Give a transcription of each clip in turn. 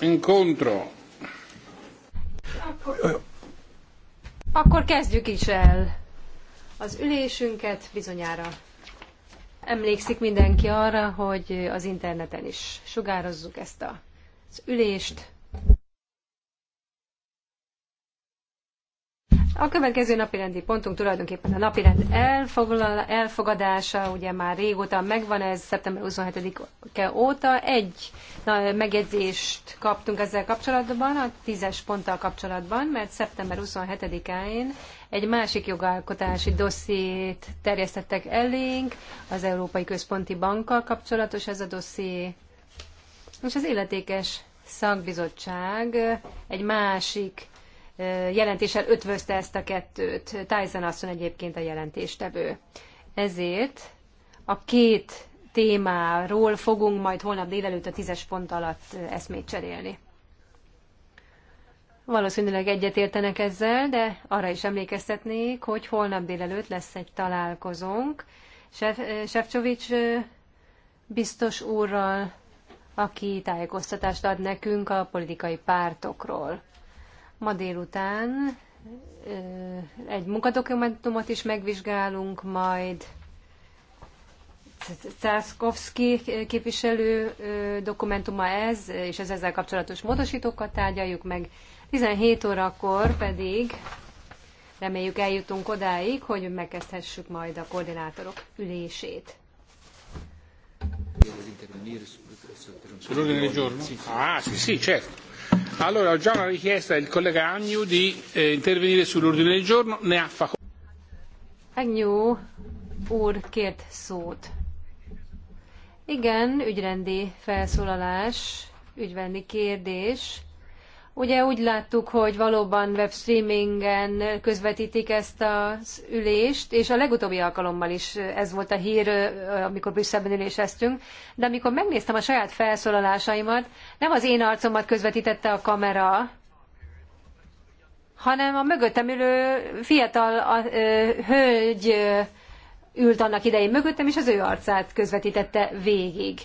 incontro. Akkor, akkor kezdjük is el az ülésünket bizonyára. Emlékszik mindenki arra, hogy az interneten is sugározzuk ezt az ülést. A következő napirendi pontunk tulajdonképpen a napirend elfogadása, ugye már régóta megvan ez, szeptember 27-e óta. Egy na, megjegyzést kaptunk ezzel kapcsolatban, a tízes ponttal kapcsolatban, mert szeptember 27 én egy másik jogalkotási dossziét terjesztettek elénk, az Európai Központi Bankkal kapcsolatos ez a dosszié, és az illetékes szakbizottság egy másik jelentéssel ötvözte ezt a kettőt. Tyson asszony egyébként a jelentéstevő. Ezért a két témáról fogunk majd holnap délelőtt a tízes pont alatt eszmét cserélni. Valószínűleg egyetértenek ezzel, de arra is emlékeztetnék, hogy holnap délelőtt lesz egy találkozónk Sefcsovics biztos úrral, aki tájékoztatást ad nekünk a politikai pártokról. Ma délután egy munkadokumentumot is megvizsgálunk, majd Czászkowski képviselő dokumentuma ez, és az ezzel kapcsolatos módosítókat tárgyaljuk meg. 17 órakor pedig reméljük eljutunk odáig, hogy megkezdhessük majd a koordinátorok ülését. Sull'ordine giorno? Ah, sì, sì, certo. Allora, ho già una richiesta del collega Agnew di eh, intervenire sull'ordine del giorno, ne ha facoltà. Agnew úr kért szót. Igen, ügyrendi felszólalás, ügyrendi kérdés Ugye úgy láttuk, hogy valóban webstreamingen közvetítik ezt az ülést, és a legutóbbi alkalommal is ez volt a hír, amikor Brüsszelben üléseztünk, de amikor megnéztem a saját felszólalásaimat, nem az én arcomat közvetítette a kamera, hanem a mögöttem ülő fiatal a, a, hölgy ült annak idején mögöttem, és az ő arcát közvetítette végig.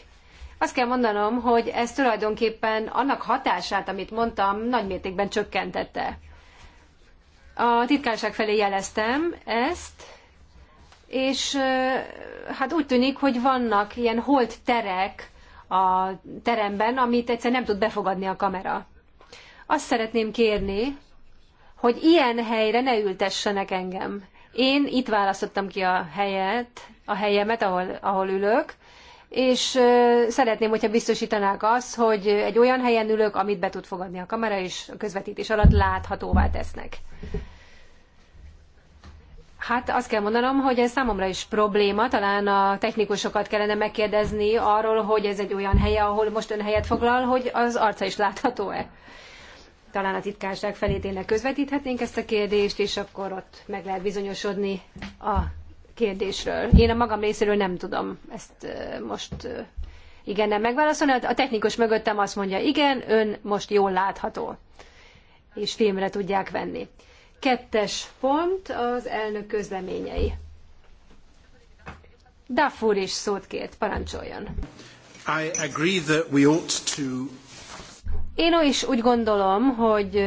Azt kell mondanom, hogy ez tulajdonképpen annak hatását, amit mondtam, nagymértékben csökkentette. A titkárság felé jeleztem ezt, és hát úgy tűnik, hogy vannak ilyen holt terek a teremben, amit egyszer nem tud befogadni a kamera. Azt szeretném kérni, hogy ilyen helyre ne ültessenek engem. Én itt választottam ki a helyet, a helyemet, ahol, ahol ülök, és szeretném, hogyha biztosítanák azt, hogy egy olyan helyen ülök, amit be tud fogadni a kamera, és a közvetítés alatt láthatóvá tesznek. Hát azt kell mondanom, hogy ez számomra is probléma, talán a technikusokat kellene megkérdezni arról, hogy ez egy olyan helye, ahol most ön helyet foglal, hogy az arca is látható-e. Talán a titkárság felé tényleg közvetíthetnénk ezt a kérdést, és akkor ott meg lehet bizonyosodni a kérdésről. Én a magam részéről nem tudom ezt most igen nem megválaszolni. A technikus mögöttem azt mondja, igen, ön most jól látható, és filmre tudják venni. Kettes pont az elnök közleményei. Duffur is szót kért, parancsoljon. I agree that we ought to... Én is úgy gondolom, hogy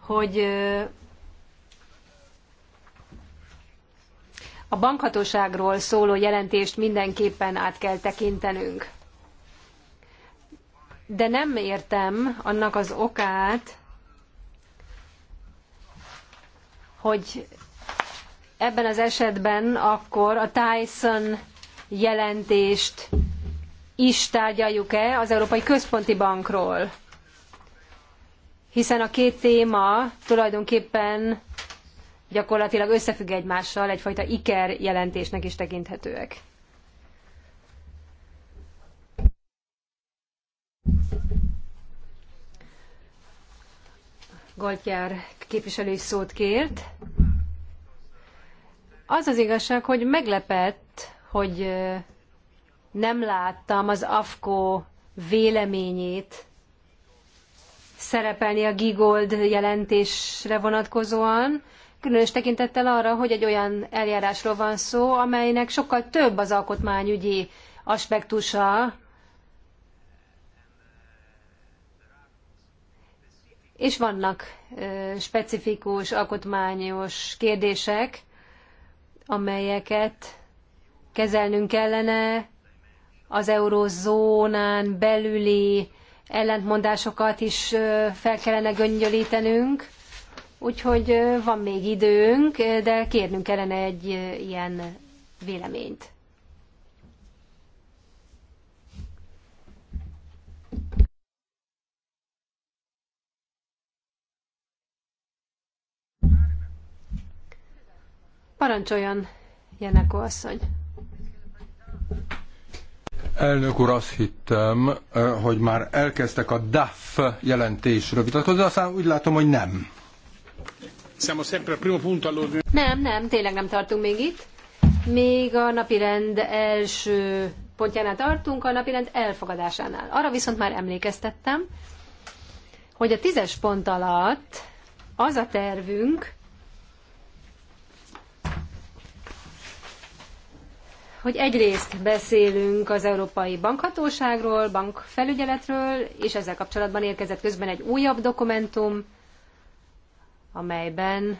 hogy A bankhatóságról szóló jelentést mindenképpen át kell tekintenünk. De nem értem annak az okát, hogy ebben az esetben akkor a Tyson jelentést is tárgyaljuk-e az Európai Központi Bankról. Hiszen a két téma tulajdonképpen gyakorlatilag összefügg egymással, egyfajta iker jelentésnek is tekinthetőek. Galtjár képviselő szót kért. Az az igazság, hogy meglepett, hogy nem láttam az AFKO véleményét szerepelni a Gigold jelentésre vonatkozóan, különös tekintettel arra, hogy egy olyan eljárásról van szó, amelynek sokkal több az alkotmányügyi aspektusa, és vannak specifikus alkotmányos kérdések, amelyeket kezelnünk kellene, az eurózónán belüli ellentmondásokat is fel kellene göngyölítenünk, Úgyhogy van még időnk, de kérnünk kellene egy ilyen véleményt. Parancsoljon, Jenekó asszony. Elnök úr, azt hittem, hogy már elkezdtek a DAF jelentésről vitatkozni, de aztán úgy látom, hogy nem. Nem, nem, tényleg nem tartunk még itt. Még a napirend első pontjánál tartunk, a napirend elfogadásánál. Arra viszont már emlékeztettem, hogy a tízes pont alatt az a tervünk, hogy egyrészt beszélünk az Európai Bankhatóságról, bankfelügyeletről, és ezzel kapcsolatban érkezett közben egy újabb dokumentum, amelyben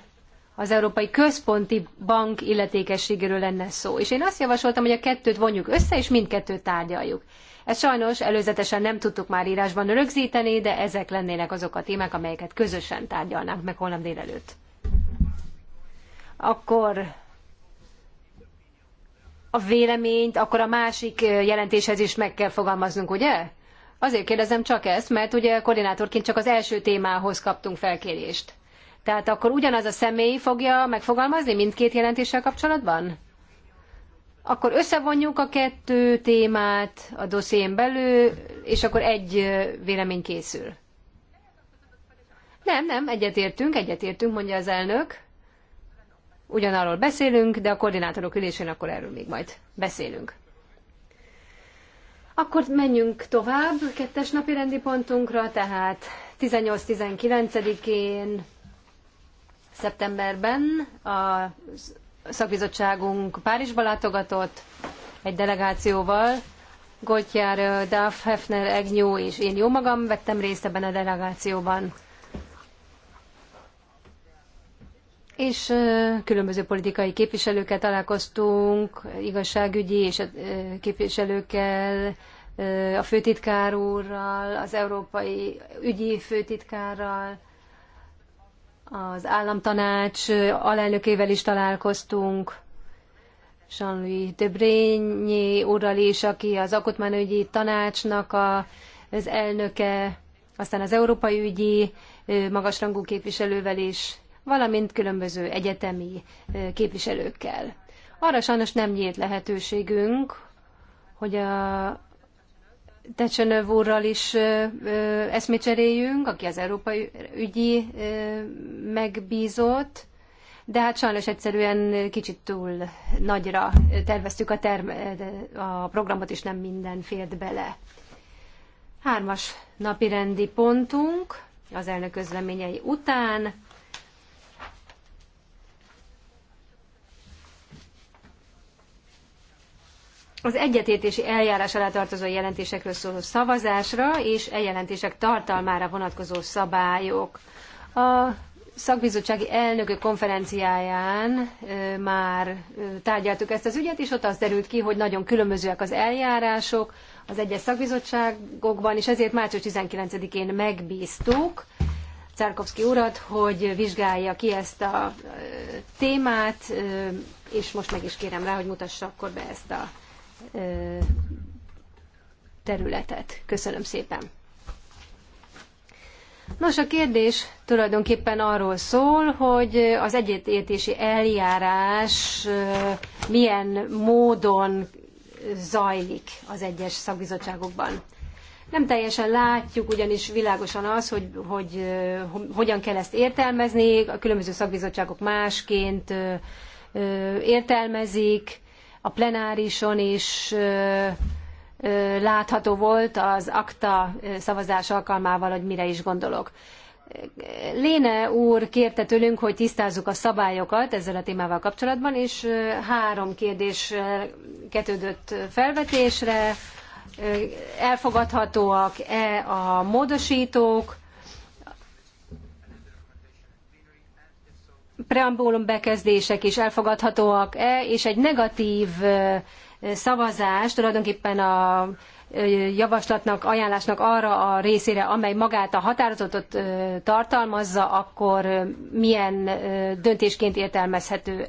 az Európai Központi Bank illetékességéről lenne szó. És én azt javasoltam, hogy a kettőt vonjuk össze, és mindkettőt tárgyaljuk. Ezt sajnos előzetesen nem tudtuk már írásban rögzíteni, de ezek lennének azok a témák, amelyeket közösen tárgyalnánk meg holnap délelőtt. Akkor a véleményt, akkor a másik jelentéshez is meg kell fogalmaznunk, ugye? Azért kérdezem csak ezt, mert ugye koordinátorként csak az első témához kaptunk felkérést. Tehát akkor ugyanaz a személy fogja megfogalmazni mindkét jelentéssel kapcsolatban? Akkor összevonjuk a kettő témát a dosszién belül, és akkor egy vélemény készül. Nem, nem, egyetértünk, egyetértünk, mondja az elnök. Ugyanarról beszélünk, de a koordinátorok ülésén akkor erről még majd beszélünk. Akkor menjünk tovább, kettes napi rendi pontunkra, tehát 18-19-én Szeptemberben a szakbizottságunk Párizsba látogatott egy delegációval, Gottjár, Duff, Hefner, Egnyó és én jó magam vettem részt ebben a delegációban. És különböző politikai képviselőkkel találkoztunk, igazságügyi és képviselőkkel, a főtitkár úrral, az európai ügyi főtitkárral, az államtanács alelnökével is találkoztunk, Jean-Louis Debrényi úrral is, aki az alkotmányügyi tanácsnak a, az elnöke, aztán az európai ügyi magasrangú képviselővel is, valamint különböző egyetemi képviselőkkel. Arra sajnos nem nyílt lehetőségünk, hogy a, Tecsönöv úrral is eszmét cseréljünk, aki az európai ügyi megbízott, de hát sajnos egyszerűen kicsit túl nagyra terveztük a, term- a programot, és nem minden fért bele. Hármas napi rendi pontunk az elnök közleményei után az egyetértési eljárás alá tartozó jelentésekről szóló szavazásra és e jelentések tartalmára vonatkozó szabályok. A szakbizottsági elnökök konferenciáján már tárgyaltuk ezt az ügyet, és ott az derült ki, hogy nagyon különbözőek az eljárások az egyes szakbizottságokban, és ezért március 19-én megbíztuk Czárkovszki urat, hogy vizsgálja ki ezt a témát, és most meg is kérem rá, hogy mutassa akkor be ezt a területet. Köszönöm szépen! Nos, a kérdés tulajdonképpen arról szól, hogy az egyetértési eljárás milyen módon zajlik az egyes szakbizottságokban. Nem teljesen látjuk, ugyanis világosan az, hogy, hogy, hogy hogyan kell ezt értelmezni, a különböző szakbizottságok másként értelmezik, a plenárison is látható volt az akta szavazás alkalmával, hogy mire is gondolok. Léne úr kérte tőlünk, hogy tisztázzuk a szabályokat ezzel a témával kapcsolatban, és három kérdés ketődött felvetésre. Elfogadhatóak-e a módosítók, preambulum bekezdések is elfogadhatóak-e, és egy negatív szavazás tulajdonképpen a javaslatnak, ajánlásnak arra a részére, amely magát a határozatot tartalmazza, akkor milyen döntésként értelmezhető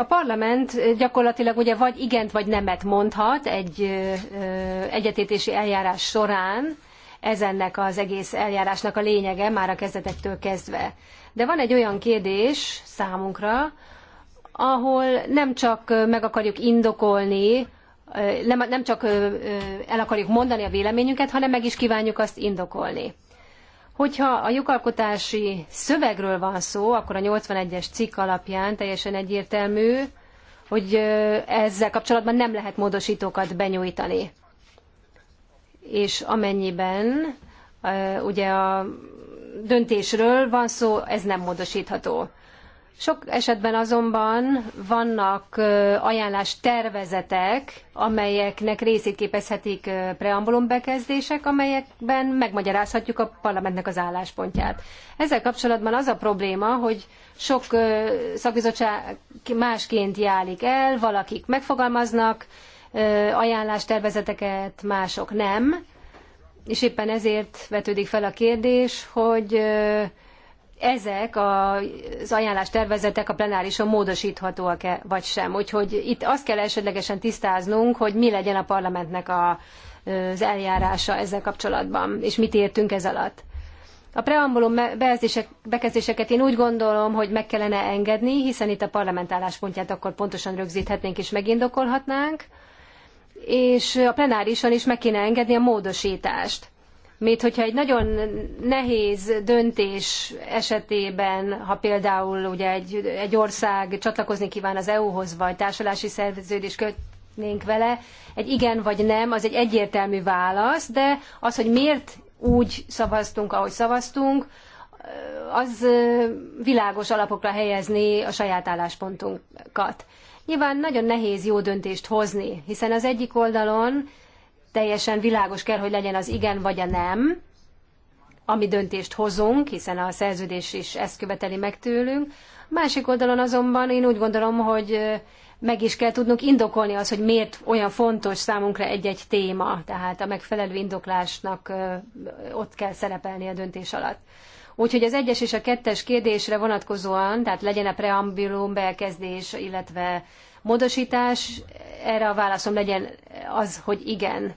A parlament gyakorlatilag ugye vagy igent, vagy nemet mondhat egy egyetértési eljárás során, ez ennek az egész eljárásnak a lényege már a kezdetektől kezdve. De van egy olyan kérdés számunkra, ahol nem csak meg akarjuk indokolni, nem, csak el akarjuk mondani a véleményünket, hanem meg is kívánjuk azt indokolni. Hogyha a jogalkotási szövegről van szó, akkor a 81-es cikk alapján teljesen egyértelmű, hogy ezzel kapcsolatban nem lehet módosítókat benyújtani és amennyiben ugye a döntésről van szó, ez nem módosítható. Sok esetben azonban vannak ajánlás tervezetek, amelyeknek részét képezhetik preambulum bekezdések, amelyekben megmagyarázhatjuk a parlamentnek az álláspontját. Ezzel kapcsolatban az a probléma, hogy sok szakbizottság másként jálik el, valakik megfogalmaznak, ajánlástervezeteket, mások nem. És éppen ezért vetődik fel a kérdés, hogy ezek az ajánlástervezetek a plenárison módosíthatóak-e vagy sem. Úgyhogy itt azt kell elsődlegesen tisztáznunk, hogy mi legyen a parlamentnek a, az eljárása ezzel kapcsolatban, és mit értünk ez alatt. A preambulum bekezdéseket én úgy gondolom, hogy meg kellene engedni, hiszen itt a parlament álláspontját akkor pontosan rögzíthetnénk és megindokolhatnánk és a plenárison is meg kéne engedni a módosítást. Mint hogyha egy nagyon nehéz döntés esetében, ha például ugye egy, egy ország csatlakozni kíván az EU-hoz, vagy társulási szerződés kötnénk vele, egy igen vagy nem, az egy egyértelmű válasz, de az, hogy miért úgy szavaztunk, ahogy szavaztunk, az világos alapokra helyezni a saját álláspontunkat. Nyilván nagyon nehéz jó döntést hozni, hiszen az egyik oldalon teljesen világos kell, hogy legyen az igen vagy a nem, ami döntést hozunk, hiszen a szerződés is ezt követeli meg tőlünk. Másik oldalon azonban én úgy gondolom, hogy meg is kell tudnunk indokolni az, hogy miért olyan fontos számunkra egy-egy téma. Tehát a megfelelő indoklásnak ott kell szerepelni a döntés alatt. Úgyhogy az egyes és a kettes kérdésre vonatkozóan, tehát legyen a preambulum, bekezdés, illetve módosítás, erre a válaszom legyen az, hogy igen.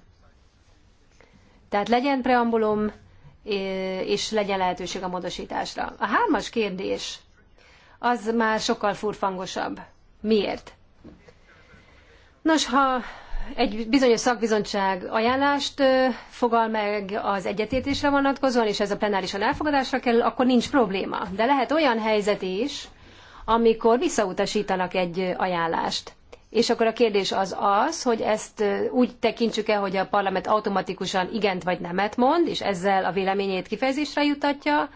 Tehát legyen preambulum, és legyen lehetőség a módosításra. A hármas kérdés az már sokkal furfangosabb. Miért? Nos, ha egy bizonyos szakbizottság ajánlást fogal meg az egyetértésre vonatkozóan, és ez a plenárisan elfogadásra kerül, akkor nincs probléma. De lehet olyan helyzet is, amikor visszautasítanak egy ajánlást. És akkor a kérdés az az, hogy ezt úgy tekintsük-e, hogy a parlament automatikusan igent vagy nemet mond, és ezzel a véleményét kifejezésre jutatja,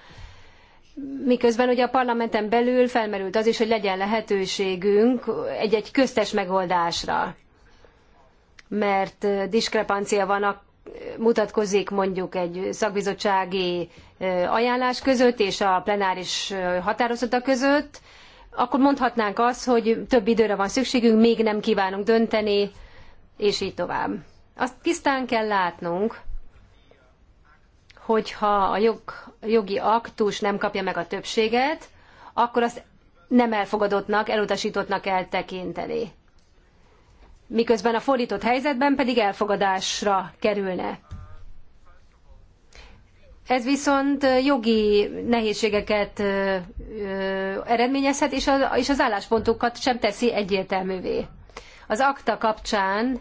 miközben ugye a parlamenten belül felmerült az is, hogy legyen lehetőségünk egy-egy köztes megoldásra mert diskrepancia van a mutatkozik mondjuk egy szakbizottsági ajánlás között és a plenáris határozata között, akkor mondhatnánk azt, hogy több időre van szükségünk, még nem kívánunk dönteni, és így tovább. Azt tisztán kell látnunk, hogyha a jog, jogi aktus nem kapja meg a többséget, akkor azt nem elfogadottnak, elutasítottnak kell tekinteni miközben a fordított helyzetben pedig elfogadásra kerülne. Ez viszont jogi nehézségeket eredményezhet, és, a, és az álláspontokat sem teszi egyértelművé. Az akta kapcsán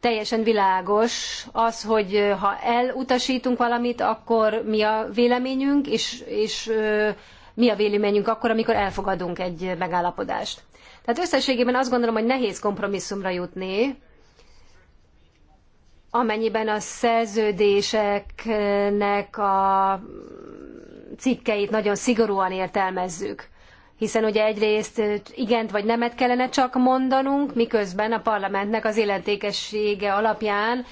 teljesen világos az, hogy ha elutasítunk valamit, akkor mi a véleményünk, és, és mi a véleményünk akkor, amikor elfogadunk egy megállapodást. Tehát összességében azt gondolom, hogy nehéz kompromisszumra jutni, amennyiben a szerződéseknek a cikkeit nagyon szigorúan értelmezzük. Hiszen ugye egyrészt igent vagy nemet kellene csak mondanunk, miközben a parlamentnek az illetékessége alapján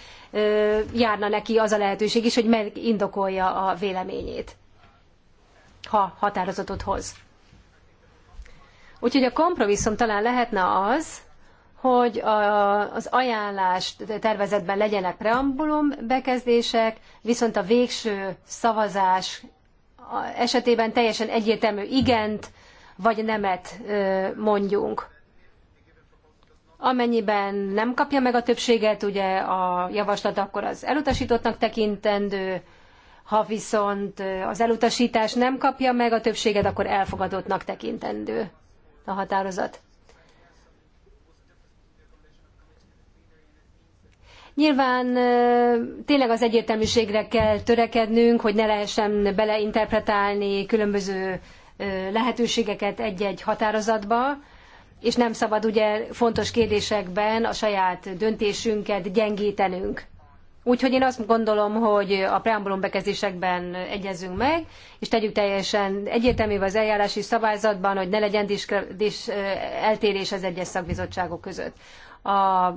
járna neki az a lehetőség is, hogy megindokolja a véleményét, ha határozatot hoz. Úgyhogy a kompromisszum talán lehetne az, hogy a, az ajánlás tervezetben legyenek preambulum bekezdések, viszont a végső szavazás esetében teljesen egyértelmű igent vagy nemet mondjunk. Amennyiben nem kapja meg a többséget, ugye a javaslat akkor az elutasítottnak tekintendő, ha viszont az elutasítás nem kapja meg a többséget, akkor elfogadottnak tekintendő a határozat. Nyilván tényleg az egyértelműségre kell törekednünk, hogy ne lehessen beleinterpretálni különböző lehetőségeket egy-egy határozatba, és nem szabad ugye fontos kérdésekben a saját döntésünket gyengítenünk. Úgyhogy én azt gondolom, hogy a preambulum bekezdésekben egyezünk meg, és tegyük teljesen egyértelművé az eljárási szabályzatban, hogy ne legyen diskredis, eh, eltérés az egyes szakbizottságok között. A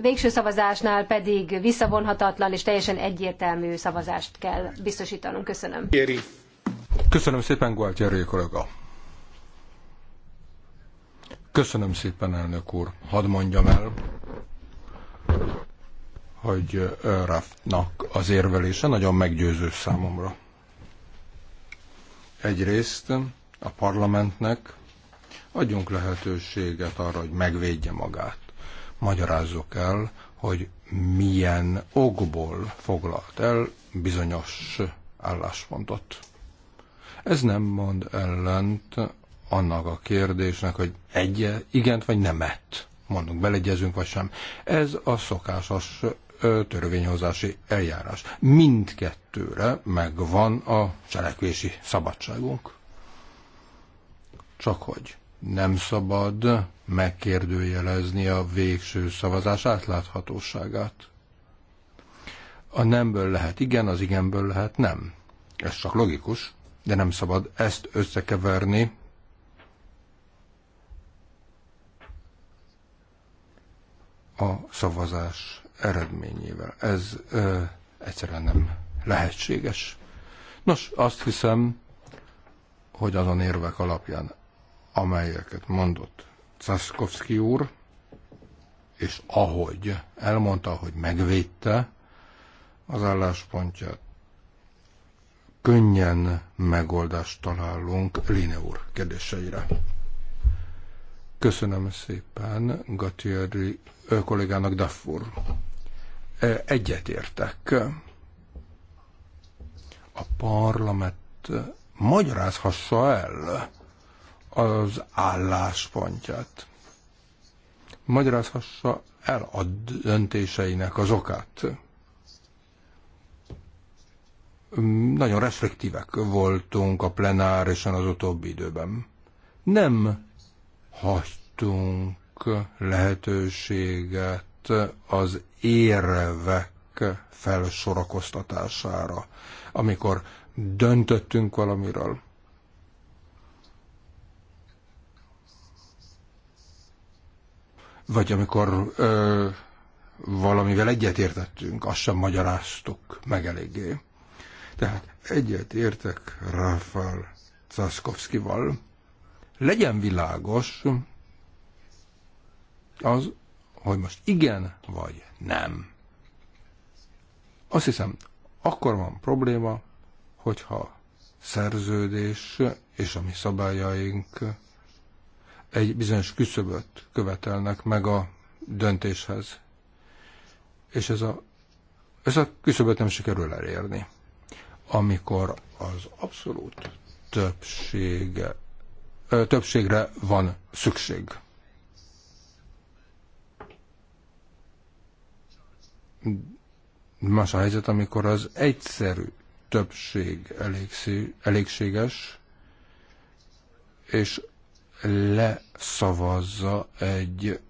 végső szavazásnál pedig visszavonhatatlan és teljesen egyértelmű szavazást kell biztosítanunk. Köszönöm. Éri. Köszönöm szépen, Gualtieri kollega. Köszönöm szépen, elnök úr. Hadd mondjam el, hogy Rafnak az érvelése nagyon meggyőző számomra. Egyrészt a parlamentnek adjunk lehetőséget arra, hogy megvédje magát. Magyarázzuk el, hogy milyen okból foglalt el bizonyos álláspontot. Ez nem mond ellent annak a kérdésnek, hogy egy -e, igent vagy nemet mondunk, beleegyezünk vagy sem. Ez a szokásos törvényhozási eljárás. Mindkettőre megvan a cselekvési szabadságunk. Csak hogy nem szabad megkérdőjelezni a végső szavazás átláthatóságát. A nemből lehet igen, az igenből lehet nem. Ez csak logikus, de nem szabad ezt összekeverni a szavazás eredményével. Ez ö, egyszerűen nem lehetséges. Nos, azt hiszem, hogy azon érvek alapján, amelyeket mondott Czaszkowski úr, és ahogy elmondta, hogy megvédte az álláspontját, könnyen megoldást találunk Líne úr kérdéseire. Köszönöm szépen Gatieri kollégának Daffur. E, egyetértek. A parlament magyarázhassa el az álláspontját. Magyarázhassa el a döntéseinek az okát. Nagyon restriktívek voltunk a plenárison az utóbbi időben. Nem hagytunk lehetőséget az érvek felsorakoztatására, amikor döntöttünk valamiről. Vagy amikor ö, valamivel egyetértettünk, azt sem magyaráztuk meg eléggé. Tehát egyetértek Rafael Czaszkowskival. Legyen világos az, hogy most igen vagy nem. Azt hiszem, akkor van probléma, hogyha szerződés és a mi szabályaink egy bizonyos küszöböt követelnek meg a döntéshez. És ez a, ez a küszöböt nem sikerül elérni. Amikor az abszolút többség, többségre van szükség. más a helyzet, amikor az egyszerű többség elégséges, és leszavazza egy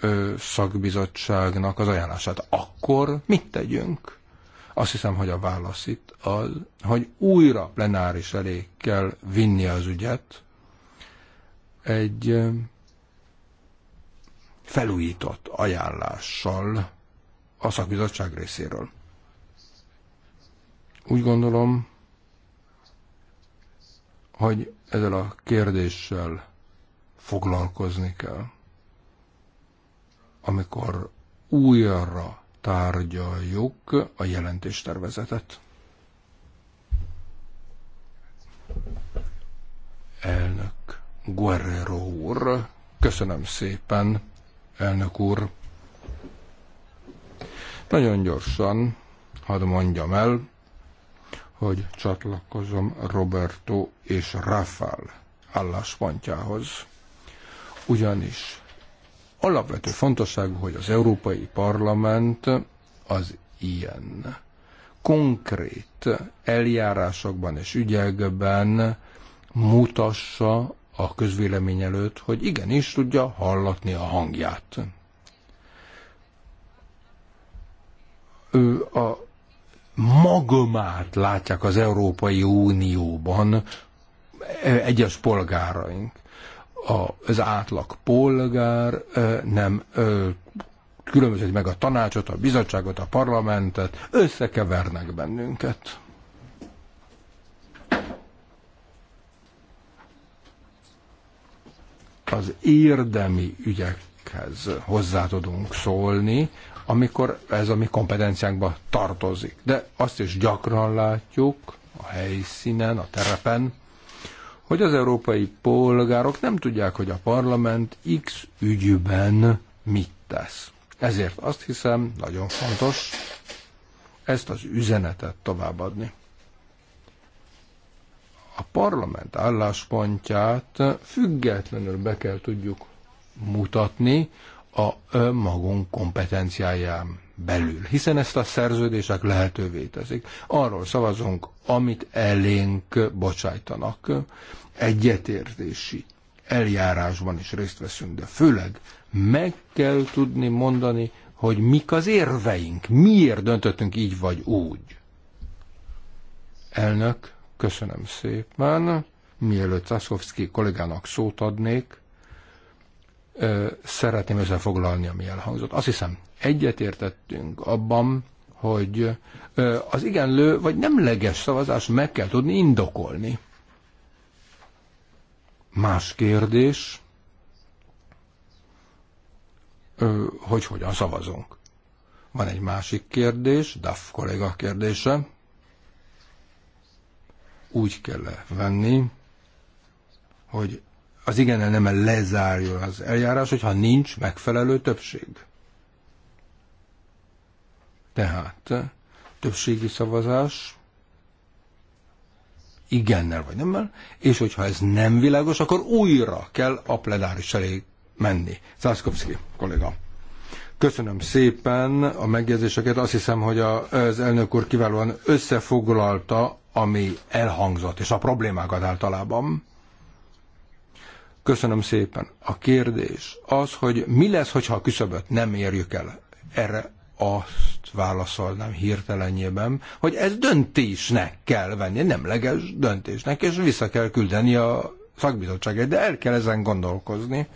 ö, szakbizottságnak az ajánlását. Akkor mit tegyünk? Azt hiszem, hogy a válasz itt az, hogy újra plenáris elé kell vinni az ügyet egy felújított ajánlással a szakbizottság részéről. Úgy gondolom, hogy ezzel a kérdéssel foglalkozni kell, amikor újra tárgyaljuk a jelentéstervezetet. Elnök Guerrero úr, köszönöm szépen, elnök úr. Nagyon gyorsan, hadd mondjam el, hogy csatlakozom Roberto és Rafael álláspontjához, ugyanis alapvető fontosságú, hogy az Európai Parlament az ilyen konkrét eljárásokban és ügyekben mutassa a közvélemény előtt, hogy igenis tudja hallatni a hangját. ő a magomát látják az Európai Unióban e, egyes polgáraink. Az átlag polgár e, nem különbözik meg a tanácsot, a bizottságot, a parlamentet, összekevernek bennünket. Az érdemi ügyekhez hozzá tudunk szólni, amikor ez a mi kompetenciánkba tartozik. De azt is gyakran látjuk a helyszínen, a terepen, hogy az európai polgárok nem tudják, hogy a parlament X ügyben mit tesz. Ezért azt hiszem, nagyon fontos ezt az üzenetet továbbadni. A parlament álláspontját függetlenül be kell tudjuk mutatni a magunk kompetenciáján belül, hiszen ezt a szerződések lehetővé teszik. Arról szavazunk, amit elénk bocsájtanak, egyetértési eljárásban is részt veszünk, de főleg meg kell tudni mondani, hogy mik az érveink, miért döntöttünk így vagy úgy. Elnök, köszönöm szépen. Mielőtt Szaszowski kollégának szót adnék, szeretném összefoglalni, ami elhangzott. Azt hiszem, egyetértettünk abban, hogy az igenlő vagy nemleges szavazás meg kell tudni indokolni. Más kérdés, hogy hogyan szavazunk. Van egy másik kérdés, DAF kolléga kérdése. Úgy kell -e venni, hogy az igen nem lezárjon az eljárás, hogyha nincs megfelelő többség. Tehát többségi szavazás igennel vagy nemmel, és hogyha ez nem világos, akkor újra kell a plenáris elé menni. Zászkowski kolléga. Köszönöm szépen a megjegyzéseket. Azt hiszem, hogy az elnök úr kiválóan összefoglalta, ami elhangzott, és a problémákat általában. Köszönöm szépen. A kérdés az, hogy mi lesz, hogyha a küszöböt nem érjük el. Erre azt válaszolnám hirtelenjében, hogy ez döntésnek kell venni, nemleges döntésnek, és vissza kell küldeni a szakbizottságot, de el kell ezen gondolkozni.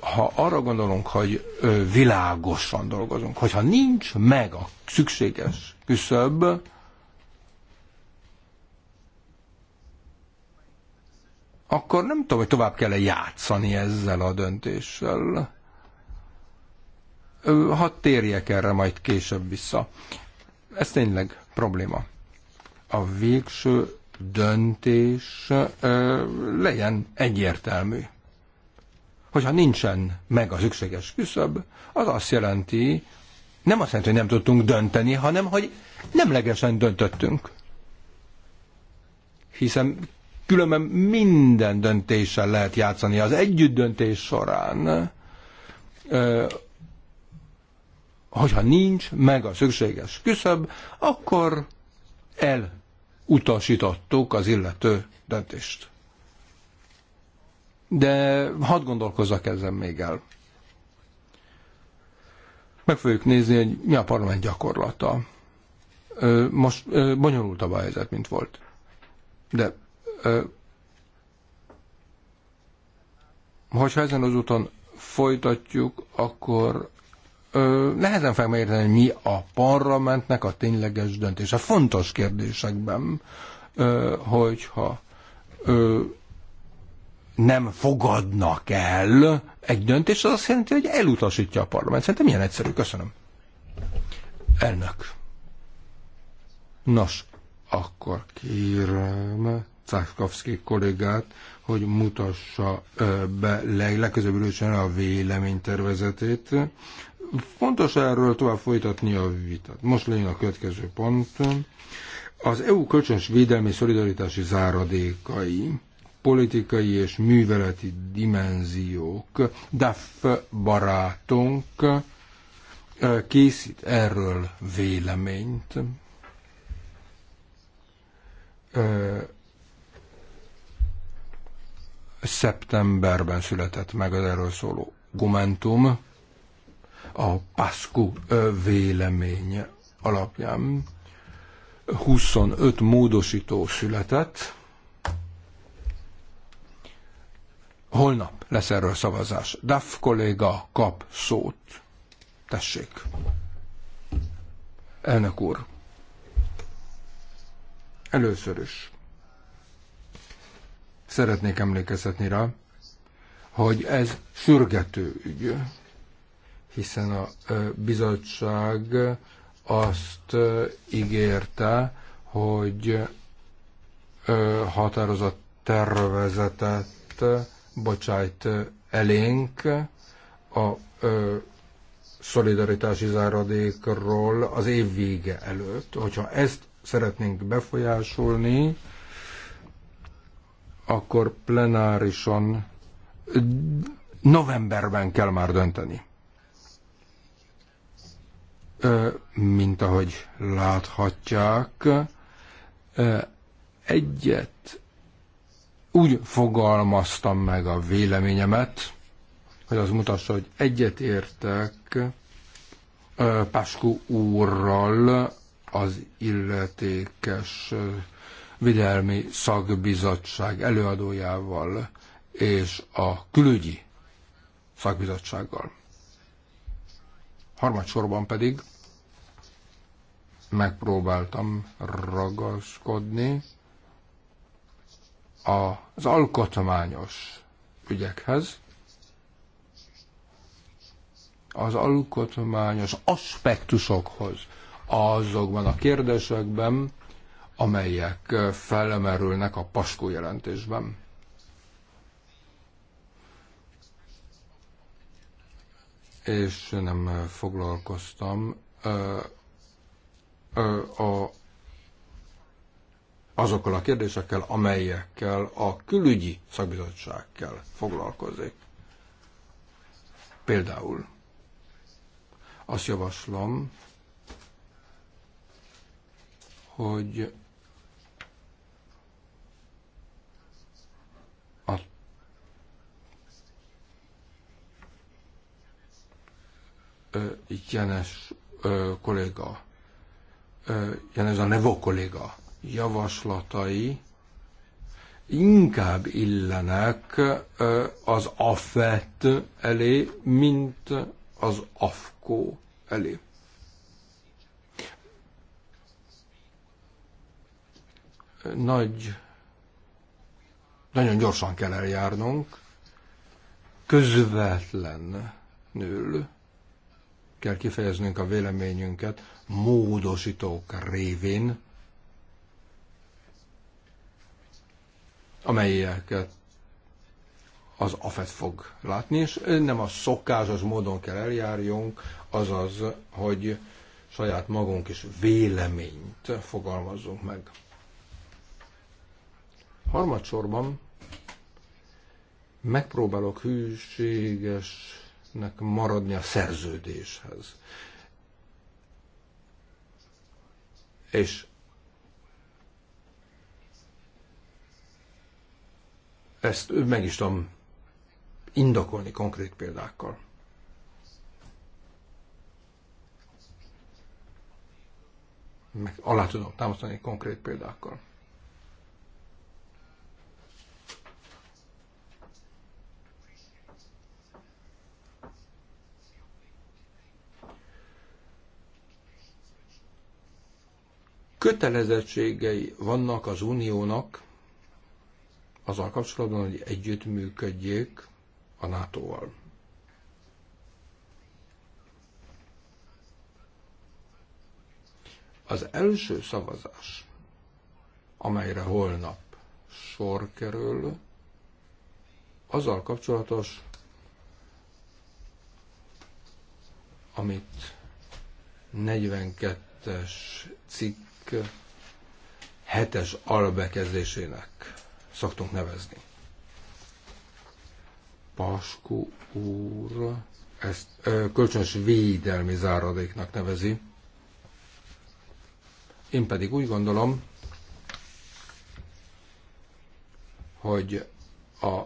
Ha arra gondolunk, hogy világosan dolgozunk, hogyha nincs meg a szükséges küszöb, akkor nem tudom, hogy tovább kell-e játszani ezzel a döntéssel. Hadd térjek erre majd később vissza. Ez tényleg probléma. A végső döntés ö, legyen egyértelmű. Hogyha nincsen meg az szükséges küszöb, az azt jelenti, nem azt jelenti, hogy nem tudtunk dönteni, hanem hogy nemlegesen döntöttünk. Hiszen Különben minden döntéssel lehet játszani. Az együtt döntés során, hogyha nincs meg a szükséges küszöb, akkor elutasítottuk az illető döntést. De hadd gondolkozzak ezen még el. Meg fogjuk nézni, hogy mi a parlament gyakorlata. Most bonyolultabb a helyzet, mint volt. De Hogyha ezen az úton folytatjuk, akkor ö, nehezen fogom megérteni, hogy mi a parlamentnek a tényleges döntése. Fontos kérdésekben, ö, hogyha ö, nem fogadnak el egy döntést, az azt jelenti, hogy elutasítja a parlament. Szerintem milyen egyszerű. Köszönöm. Elnök. Nos, akkor kérem, Czakowski kollégát, hogy mutassa be legközelebb ülésen a véleménytervezetét. Fontos erről tovább folytatni a vitát. Most lényeg a következő pont. Az EU kölcsönös védelmi szolidaritási záradékai, politikai és műveleti dimenziók, DAF barátunk készít erről véleményt szeptemberben született meg az erről szóló dokumentum, a PASZKU vélemény alapján 25 módosító született. Holnap lesz erről szavazás. DAF kolléga kap szót. Tessék. Elnök úr. Először is Szeretnék emlékezetni rá, hogy ez sürgető ügy, hiszen a bizottság azt ígérte, hogy határozott tervezetet bocsájt elénk a szolidaritási záradékról az év vége előtt. Hogyha ezt szeretnénk befolyásolni, akkor plenárison novemberben kell már dönteni. Mint ahogy láthatják, egyet úgy fogalmaztam meg a véleményemet, hogy az mutassa, hogy egyet értek Pasku úrral az illetékes Védelmi Szakbizottság előadójával és a külügyi szakbizottsággal. Harmadsorban pedig megpróbáltam ragaszkodni az alkotmányos ügyekhez, az alkotmányos aspektusokhoz azokban a kérdésekben, amelyek felmerülnek a Paskó jelentésben. És nem foglalkoztam ö, ö, a, azokkal a kérdésekkel, amelyekkel a külügyi szakbizottság kell foglalkozik. Például azt javaslom, hogy Jenes kolléga, Jenes a Nevo kolléga javaslatai inkább illenek az AFET elé, mint az AFKO elé. Nagy, nagyon gyorsan kell eljárnunk, közvetlen nől kell kifejeznünk a véleményünket módosítók révén, amelyeket az AFET fog látni, és nem a szokásos módon kell eljárjunk, azaz, hogy saját magunk is véleményt fogalmazzunk meg. Harmadsorban megpróbálok hűséges nek maradni a szerződéshez. És ezt meg is tudom indokolni konkrét példákkal. Meg alá tudom támasztani konkrét példákkal. kötelezettségei vannak az uniónak azzal kapcsolatban, hogy együttműködjék a NATO-val. Az első szavazás, amelyre holnap sor kerül, azzal kapcsolatos, amit 42-es cikk Eh, hetes albekezdésének szoktunk nevezni. Pasku úr ezt ö, eh, kölcsönös védelmi záradéknak nevezi. Én pedig úgy gondolom, hogy a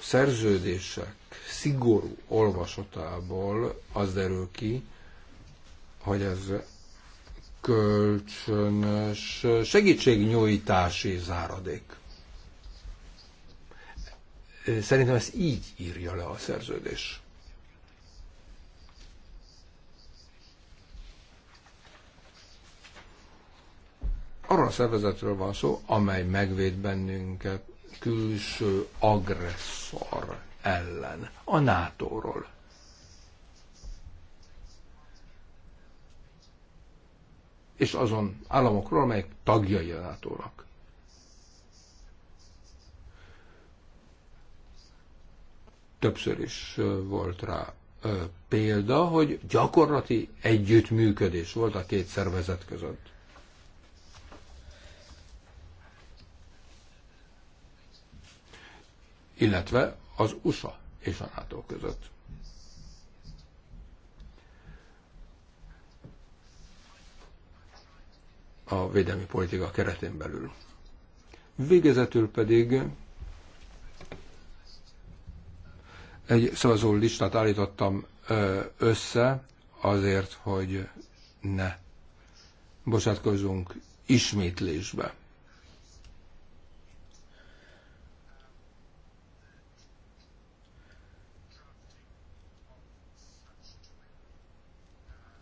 szerződések szigorú olvasatából az derül ki, hogy ez kölcsönös segítségnyújtási záradék. Szerintem ezt így írja le a szerződés. Arról a szervezetről van szó, amely megvéd bennünket külső agresszor ellen, a NATO-ról és azon államokról, amelyek tagjai a NATO-nak. Többször is volt rá példa, hogy gyakorlati együttműködés volt a két szervezet között. Illetve az USA és a NATO között. a védelmi politika keretén belül. Végezetül pedig egy szavazó listát állítottam össze azért, hogy ne bocsátkozzunk ismétlésbe.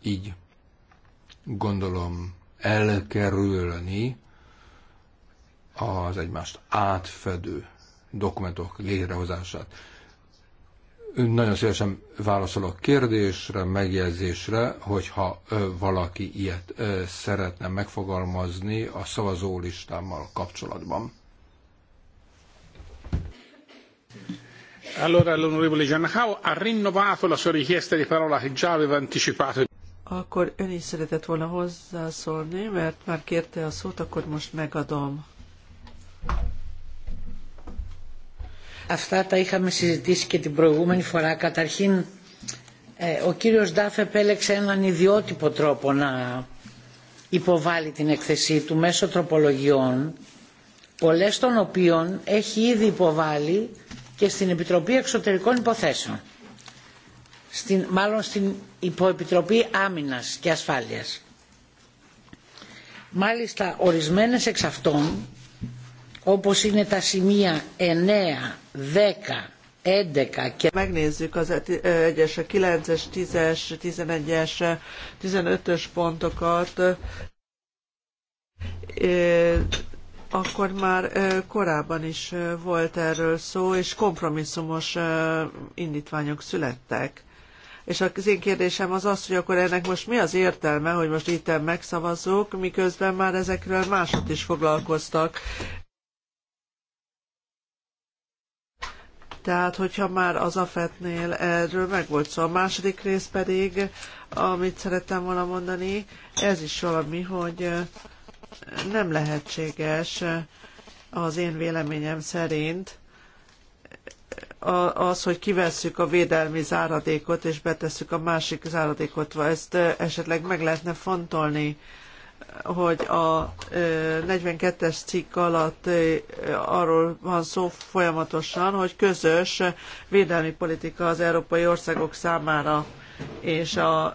Így gondolom elkerülni az egymást átfedő dokumentok létrehozását. Nagyon szívesen válaszolok kérdésre, megjegyzésre, hogyha valaki ilyet szeretne megfogalmazni a szavazólistámmal kapcsolatban. Allora l'onorevole Cao ha rinnovato la sua richiesta di parola che già aveva anticipato. Akkor ön is szeretett volna hozzászólni, mert már kérte a szót, akkor most megadom. Αυτά τα είχαμε συζητήσει και την προηγούμενη φορά. Καταρχήν, ε, ο κύριος Ντάφ επέλεξε έναν ιδιότυπο τρόπο να υποβάλει την εκθεσή του μέσω τροπολογιών, πολλές των οποίων έχει ήδη υποβάλει και στην Επιτροπή Εξωτερικών Υποθέσεων στην, μάλλον στην Υποεπιτροπή Άμυνας και Ασφάλειας. Μάλιστα ορισμένες εξ αυτών, όπως είναι τα σημεία 9, 10, 11 και... Megnézzük az egyes, a 9-es, 10-es, 11-es, 15-ös pontokat, akkor már korábban is volt erről szó, és kompromisszumos indítványok születtek. És az én kérdésem az az, hogy akkor ennek most mi az értelme, hogy most itt megszavazzuk, miközben már ezekről másod is foglalkoztak. Tehát, hogyha már az AFET-nél erről meg volt szó. A második rész pedig, amit szerettem volna mondani, ez is valami, hogy eh, nem lehetséges eh, az én véleményem szerint, az, hogy kivesszük a védelmi záradékot, és betesszük a másik záradékot, ezt esetleg meg lehetne fontolni, hogy a 42-es cikk alatt arról van szó folyamatosan, hogy közös védelmi politika az európai országok számára és a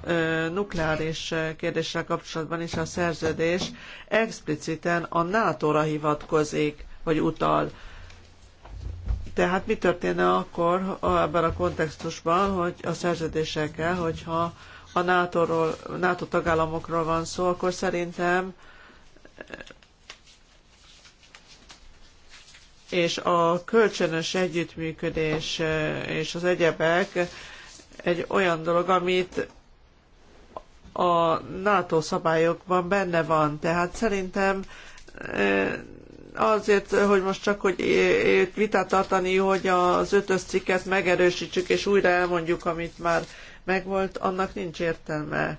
nukleáris kérdéssel kapcsolatban is a szerződés expliciten a NATO-ra hivatkozik, vagy utal. Tehát mi történne akkor ebben a kontextusban, hogy a szerződésekkel, hogyha a NATO-ról, NATO tagállamokról van szó, akkor szerintem és a kölcsönös együttműködés e, és az egyebek egy olyan dolog, amit a NATO szabályokban benne van. Tehát szerintem e, azért, hogy most csak, hogy vitát tartani, hogy az ötös cikket megerősítsük, és újra elmondjuk, amit már megvolt, annak nincs értelme.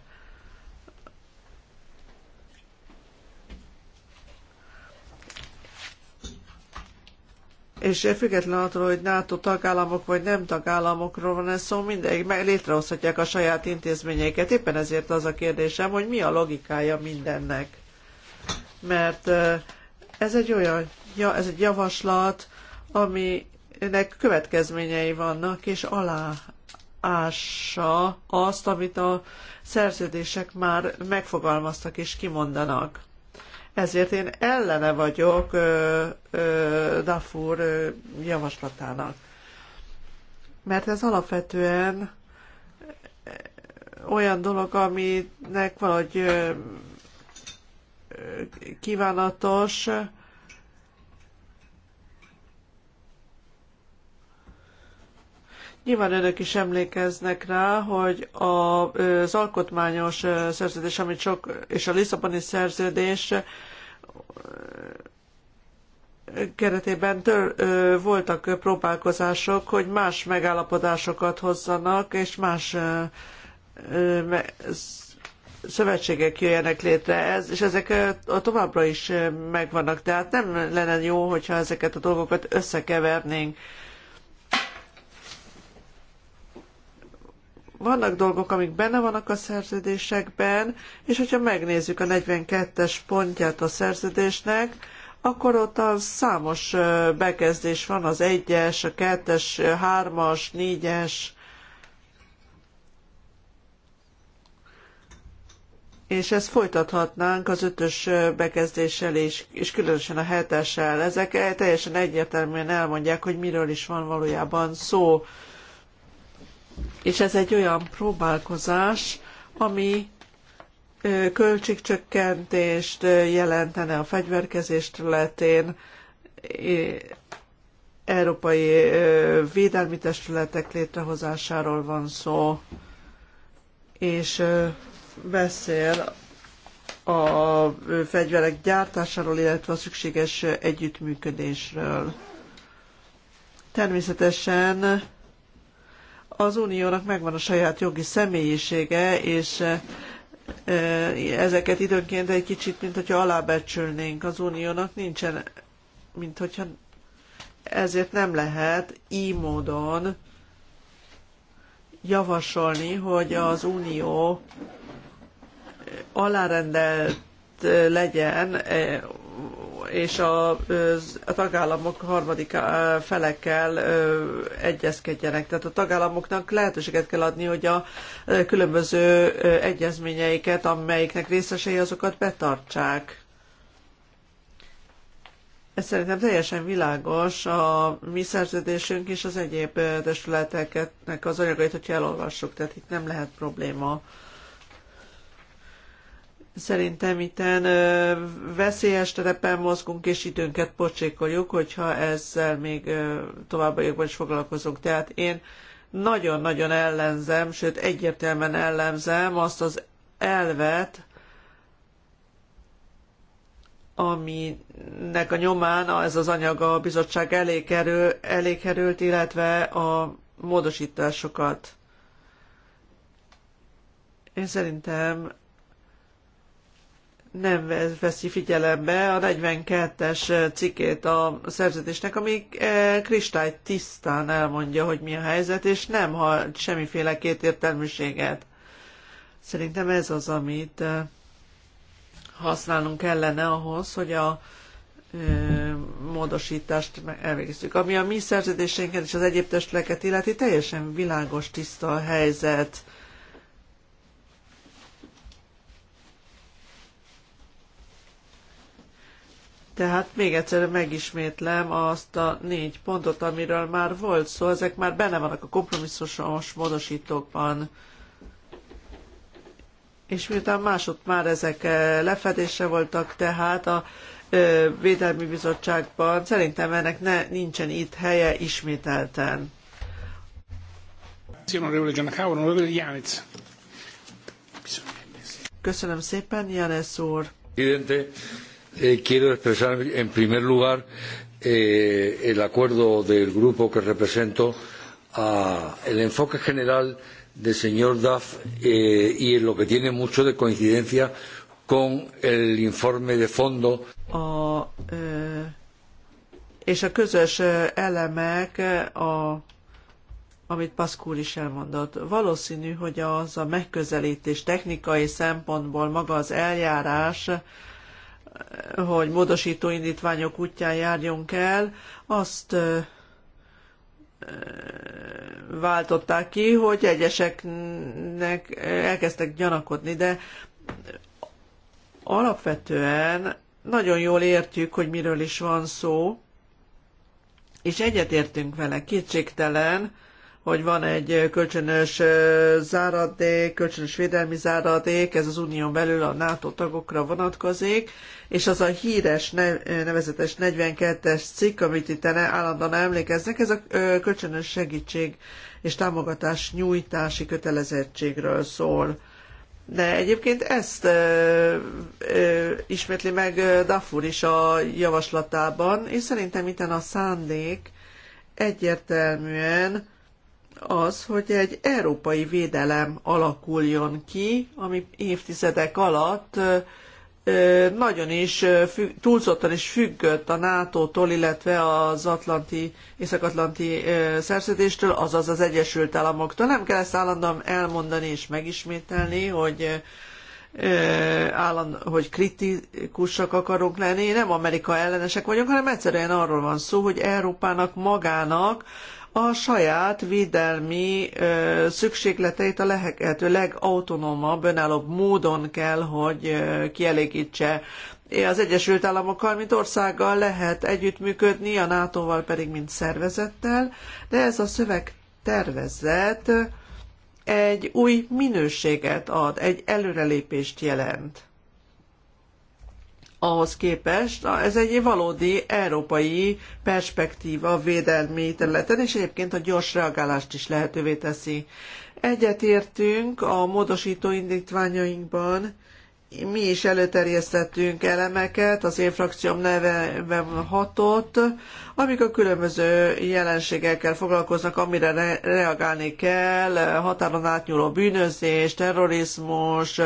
és független attól, hogy NATO tagállamok vagy nem tagállamokról van ez szó, mindegy, meg létrehozhatják a saját intézményeiket. Éppen ezért az a kérdésem, hogy mi a logikája mindennek. Mert ez egy olyan, ja, ez egy javaslat, aminek következményei vannak, és aláássa azt, amit a szerződések már megfogalmaztak és kimondanak. Ezért én ellene vagyok ö, ö, Dafur ö, javaslatának. Mert ez alapvetően olyan dolog, aminek valahogy kívánatos, Nyilván önök is emlékeznek rá, hogy az alkotmányos szerződés, amit sok, és a Lisszaboni szerződés keretében tör, voltak próbálkozások, hogy más megállapodásokat hozzanak, és más szövetségek jöjjenek létre, ez, és ezek a továbbra is megvannak. Tehát nem lenne jó, hogyha ezeket a dolgokat összekevernénk. Vannak dolgok, amik benne vannak a szerződésekben, és hogyha megnézzük a 42-es pontját a szerződésnek, akkor ott az számos bekezdés van, az 1-es, a 2-es, 3-as, 4-es, és ezt folytathatnánk az ötös bekezdéssel is, és különösen a hetessel. Ezek teljesen egyértelműen elmondják, hogy miről is van valójában szó. És ez egy olyan próbálkozás, ami költségcsökkentést jelentene a fegyverkezés területén, európai védelmi testületek létrehozásáról van szó, és beszél a fegyverek gyártásáról, illetve a szükséges együttműködésről. Természetesen az uniónak megvan a saját jogi személyisége, és e, ezeket időnként egy kicsit, mint hogyha alábecsülnénk. Az uniónak nincsen, mint hogyha ezért nem lehet így módon javasolni, hogy az unió alárendelt legyen, és a, a tagállamok harmadik felekkel egyezkedjenek. Tehát a tagállamoknak lehetőséget kell adni, hogy a különböző egyezményeiket, amelyiknek részesei, azokat betartsák. Ez szerintem teljesen világos a mi szerződésünk és az egyéb testületeknek az anyagait, hogyha elolvassuk, tehát itt nem lehet probléma. Szerintem itten veszélyes terepen mozgunk, és időnket pocsékoljuk, hogyha ezzel még továbbiakban is foglalkozunk. Tehát én nagyon-nagyon ellenzem, sőt egyértelműen ellenzem azt az elvet, aminek a nyomán ez az anyag a bizottság elé, kerül, elé került, illetve a módosításokat. Én szerintem nem veszi figyelembe a 42-es cikkét a szerződésnek, ami eh, kristály tisztán elmondja, hogy mi a helyzet, és nem ha semmiféle kétértelműséget. Szerintem ez az, amit eh, használnunk kellene ahhoz, hogy a eh, módosítást elvégezzük. Ami a mi szerződésénket és az egyéb testüleket illeti, teljesen világos, tiszta a helyzet Tehát még egyszer megismétlem azt a négy pontot, amiről már volt szó, ezek már benne vannak a kompromisszusos módosítókban. És miután másod már ezek eh, lefedése voltak, tehát a eh, Védelmi Bizottságban szerintem ennek ne, nincsen itt helye ismételten. Köszönöm szépen, Janes úr! Presidente, eh, quiero expresar en primer lugar eh, el acuerdo del grupo que represento a el enfoque general del señor Duff eh, y en lo que tiene mucho de coincidencia con el informe de fondo. A, ö, eh, és a közös eh, elemek, eh, a, amit Paszkúr is elmondott. Valószínű, hogy az a megközelítés technikai szempontból maga az eljárás, hogy módosító indítványok útján járjunk el, azt váltották ki, hogy egyeseknek elkezdtek gyanakodni, de alapvetően nagyon jól értjük, hogy miről is van szó, és egyetértünk vele kétségtelen, hogy van egy kölcsönös záradék, kölcsönös védelmi záradék, ez az unión belül a NATO tagokra vonatkozik, és az a híres, nevezetes 42-es cikk, amit itt állandóan emlékeznek, ez a kölcsönös segítség és támogatás nyújtási kötelezettségről szól. De egyébként ezt ö, ö, ismétli meg Dafur is a javaslatában, és szerintem itt a szándék egyértelműen az, hogy egy európai védelem alakuljon ki, ami évtizedek alatt nagyon is túlzottan is függött a NATO-tól, illetve az Atlanti, Észak-Atlanti szerződéstől, azaz az Egyesült Államoktól. Nem kell ezt állandóan elmondani és megismételni, hogy állandó, hogy kritikusak akarunk lenni, nem Amerika ellenesek vagyunk, hanem egyszerűen arról van szó, hogy Európának magának a saját védelmi ö, szükségleteit a lehető legautonómabb, önállóbb módon kell, hogy ö, kielégítse. Az Egyesült Államokkal, mint országgal lehet együttműködni, a NATO-val pedig, mint szervezettel, de ez a szöveg tervezet egy új minőséget ad, egy előrelépést jelent ahhoz képest ez egy valódi európai perspektíva védelmi területen, és egyébként a gyors reagálást is lehetővé teszi. Egyetértünk a módosító indítványainkban, mi is előterjesztettünk elemeket, az én frakcióm neveben hatott, amik a különböző jelenségekkel foglalkoznak, amire re- reagálni kell, határon átnyúló bűnözés, terrorizmus,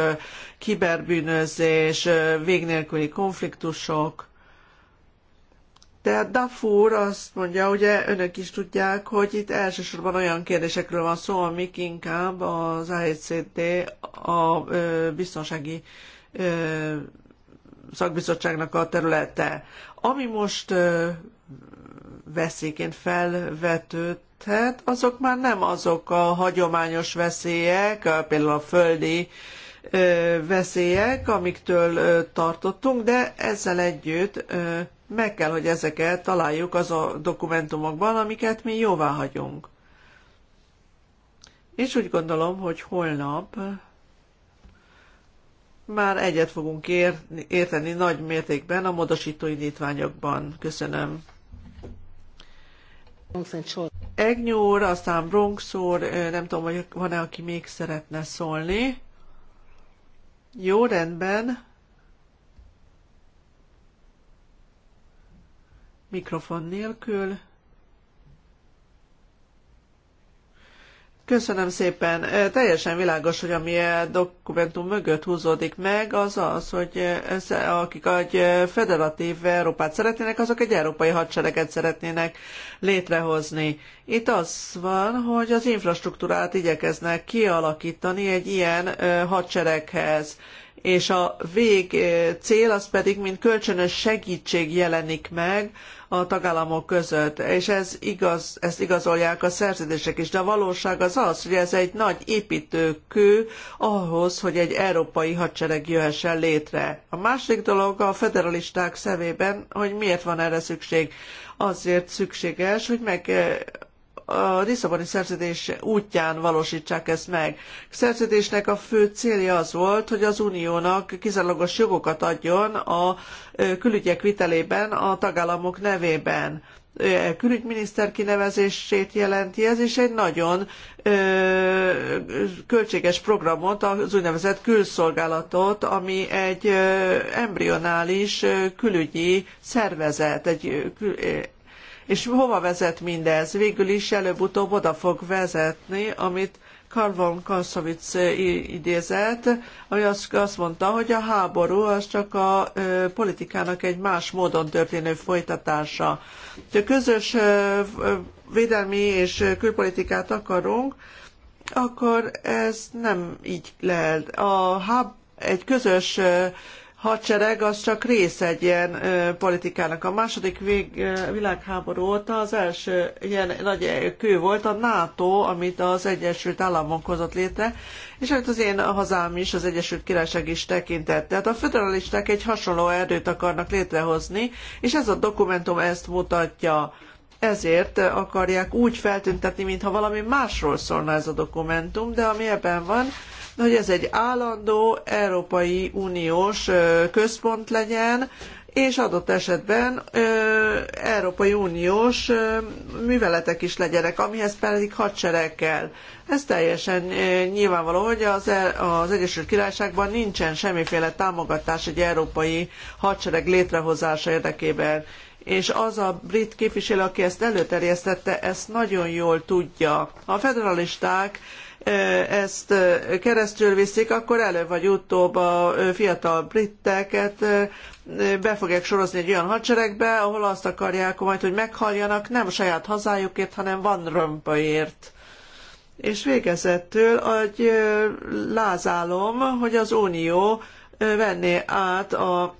kiberbűnözés, vég nélküli konfliktusok. De Dafur azt mondja, ugye önök is tudják, hogy itt elsősorban olyan kérdésekről van szó, amik inkább az AECD a biztonsági szakbizottságnak a területe. Ami most veszélyként felvetődhet, azok már nem azok a hagyományos veszélyek, például a földi veszélyek, amiktől tartottunk, de ezzel együtt meg kell, hogy ezeket találjuk az a dokumentumokban, amiket mi jóvá hagyunk. És úgy gondolom, hogy holnap már egyet fogunk érni, érteni nagy mértékben a módosító indítványokban. Köszönöm. Egnyúr, aztán Bronx úr, nem tudom, hogy van-e, aki még szeretne szólni. Jó, rendben. Mikrofon nélkül. Köszönöm szépen. Teljesen világos, hogy ami a e dokumentum mögött húzódik meg, az az, hogy akik egy federatív Európát szeretnének, azok egy európai hadsereget szeretnének létrehozni. Itt az van, hogy az infrastruktúrát igyekeznek kialakítani egy ilyen hadsereghez és a vég cél az pedig, mint kölcsönös segítség jelenik meg a tagállamok között, és ez igaz, ezt igazolják a szerződések is, de a valóság az az, hogy ez egy nagy építőkő ahhoz, hogy egy európai hadsereg jöhessen létre. A másik dolog a federalisták szemében, hogy miért van erre szükség. Azért szükséges, hogy meg a Lisszaboni szerződés útján valósítsák ezt meg. A szerződésnek a fő célja az volt, hogy az uniónak kizárólagos jogokat adjon a külügyek vitelében a tagállamok nevében külügyminiszter kinevezését jelenti ez, és egy nagyon ö, költséges programot, az úgynevezett külszolgálatot, ami egy ö, embrionális ö, külügyi szervezet, egy ö, és hova vezet mindez? Végül is előbb-utóbb oda fog vezetni, amit Karvon Kanszovic idézett, ami azt mondta, hogy a háború az csak a politikának egy más módon történő folytatása. Ha közös védelmi és külpolitikát akarunk, akkor ez nem így lehet. A háború egy közös hadsereg az csak rész egy ilyen ö, politikának. A második vég, ö, világháború óta az első ilyen nagy kő volt a NATO, amit az Egyesült Államok hozott létre, és amit hát az én hazám is, az Egyesült Királyság is tekintett. Tehát a föderalisták egy hasonló erőt akarnak létrehozni, és ez a dokumentum ezt mutatja. Ezért akarják úgy feltüntetni, mintha valami másról szólna ez a dokumentum, de ami ebben van, hogy ez egy állandó Európai Uniós központ legyen, és adott esetben ö, Európai Uniós ö, műveletek is legyenek, amihez pedig hadsereg kell. Ez teljesen ö, nyilvánvaló, hogy az, e- az Egyesült Királyságban nincsen semmiféle támogatás egy európai hadsereg létrehozása érdekében. És az a brit képviselő, aki ezt előterjesztette, ezt nagyon jól tudja. A federalisták ezt keresztül viszik, akkor előbb vagy utóbb a fiatal britteket be fogják sorozni egy olyan hadseregbe, ahol azt akarják majd, hogy meghaljanak nem a saját hazájukért, hanem Van Rompuyért. És végezetül egy lázálom, hogy az Unió venné át a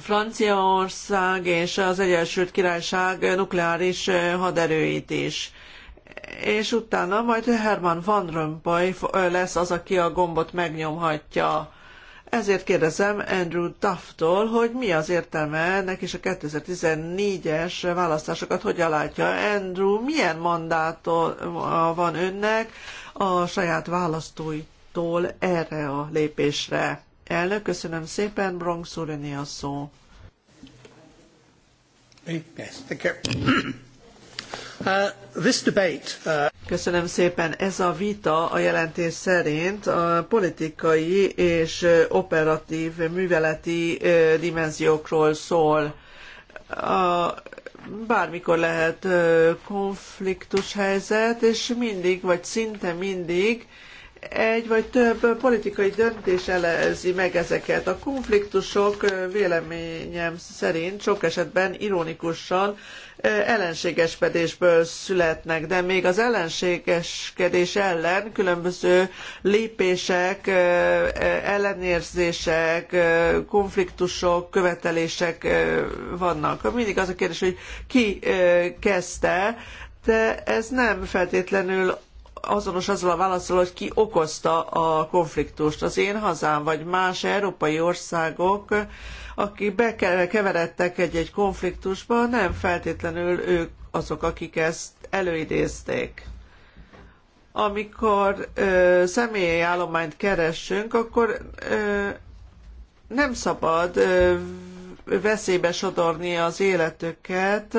Franciaország és az Egyesült Királyság nukleáris haderőit is és utána majd Herman Van Rompuy lesz az, aki a gombot megnyomhatja. Ezért kérdezem Andrew duff hogy mi az értelme ennek és a 2014-es választásokat hogyan látja. Andrew, milyen mandátum van önnek a saját választóitól erre a lépésre? Elnök, köszönöm szépen, Bronx úr, a szó. Yes, Uh, uh, Köszönöm szépen. Ez a vita a jelentés szerint a politikai és operatív műveleti dimenziókról szól. A bármikor lehet konfliktus helyzet, és mindig, vagy szinte mindig egy vagy több politikai döntés elezi meg ezeket. A konfliktusok véleményem szerint sok esetben ironikusan ellenségeskedésből születnek, de még az ellenségeskedés ellen különböző lépések, ellenérzések, konfliktusok, követelések vannak. Mindig az a kérdés, hogy ki kezdte, de ez nem feltétlenül azonos azzal a válaszol, hogy ki okozta a konfliktust. Az én hazám, vagy más európai országok, akik bekeveredtek egy-egy konfliktusba, nem feltétlenül ők azok, akik ezt előidézték amikor ö, személyi állományt keresünk, akkor ö, nem szabad ö, veszélybe sodorni az életüket,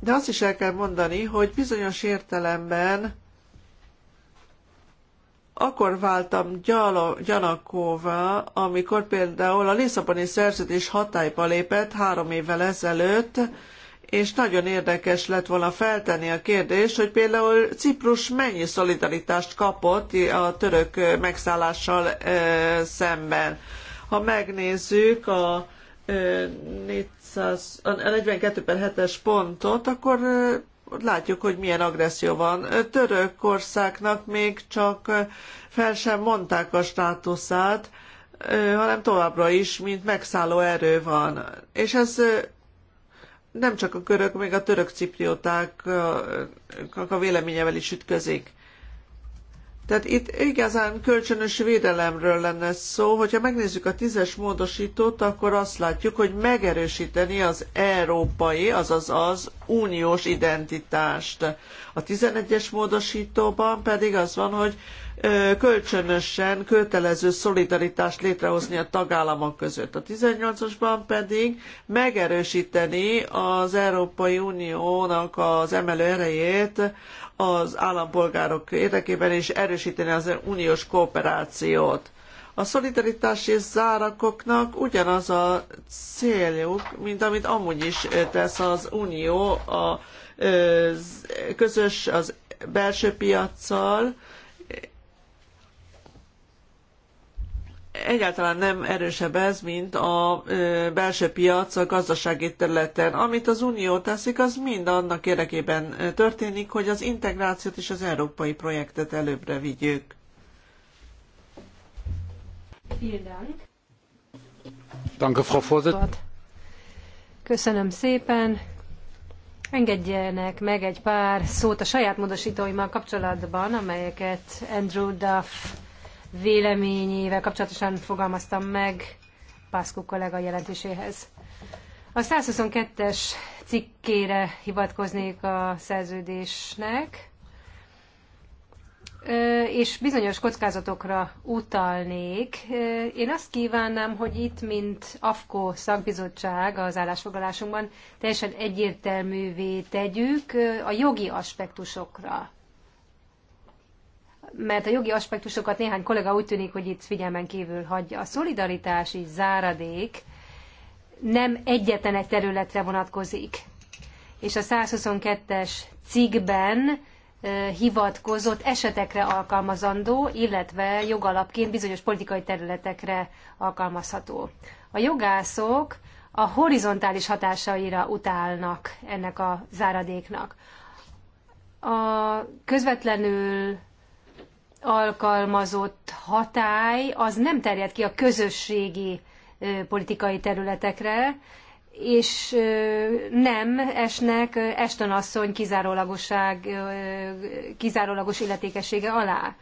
de azt is el kell mondani, hogy bizonyos értelemben akkor váltam gyala, gyanakóvá, amikor például a Lisszaboni szerződés hatályba lépett három évvel ezelőtt, és nagyon érdekes lett volna feltenni a kérdést, hogy például Ciprus mennyi szolidaritást kapott a török megszállással szemben. Ha megnézzük a 100, 42 es pontot, akkor látjuk, hogy milyen agresszió van. Törökországnak még csak fel sem mondták a státuszát, hanem továbbra is, mint megszálló erő van. És ez nem csak a körök, még a török ciprióták a véleményevel is ütközik. Tehát itt igazán kölcsönös védelemről lenne szó, hogyha megnézzük a tízes módosítót, akkor azt látjuk, hogy megerősíteni az európai, azaz az uniós identitást. A tizenegyes módosítóban pedig az van, hogy kölcsönösen kötelező szolidaritást létrehozni a tagállamok között. A 18-asban pedig megerősíteni az Európai Uniónak az emelő erejét az állampolgárok érdekében, és erősíteni az uniós kooperációt. A szolidaritási zárakoknak ugyanaz a céljuk, mint amit amúgy is tesz az Unió a közös az belső piaccal, egyáltalán nem erősebb ez, mint a belső piac a gazdasági területen. Amit az Unió teszik, az mind annak érdekében történik, hogy az integrációt és az európai projektet előbbre vigyük. Köszönöm szépen. Engedjenek meg egy pár szót a saját módosítóimmal kapcsolatban, amelyeket Andrew Duff véleményével kapcsolatosan fogalmaztam meg Pászkó kollega jelentéséhez. A 122-es cikkére hivatkoznék a szerződésnek, és bizonyos kockázatokra utalnék. Én azt kívánnám, hogy itt, mint AFKO szakbizottság az állásfoglalásunkban teljesen egyértelművé tegyük a jogi aspektusokra mert a jogi aspektusokat néhány kollega úgy tűnik, hogy itt figyelmen kívül hagyja. A szolidaritási záradék nem egyetlen egy területre vonatkozik. És a 122-es cikkben hivatkozott esetekre alkalmazandó, illetve jogalapként bizonyos politikai területekre alkalmazható. A jogászok a horizontális hatásaira utálnak ennek a záradéknak. A közvetlenül alkalmazott hatály az nem terjed ki a közösségi politikai területekre, és nem esnek Eston asszony kizárólagosság, kizárólagos illetékessége alá.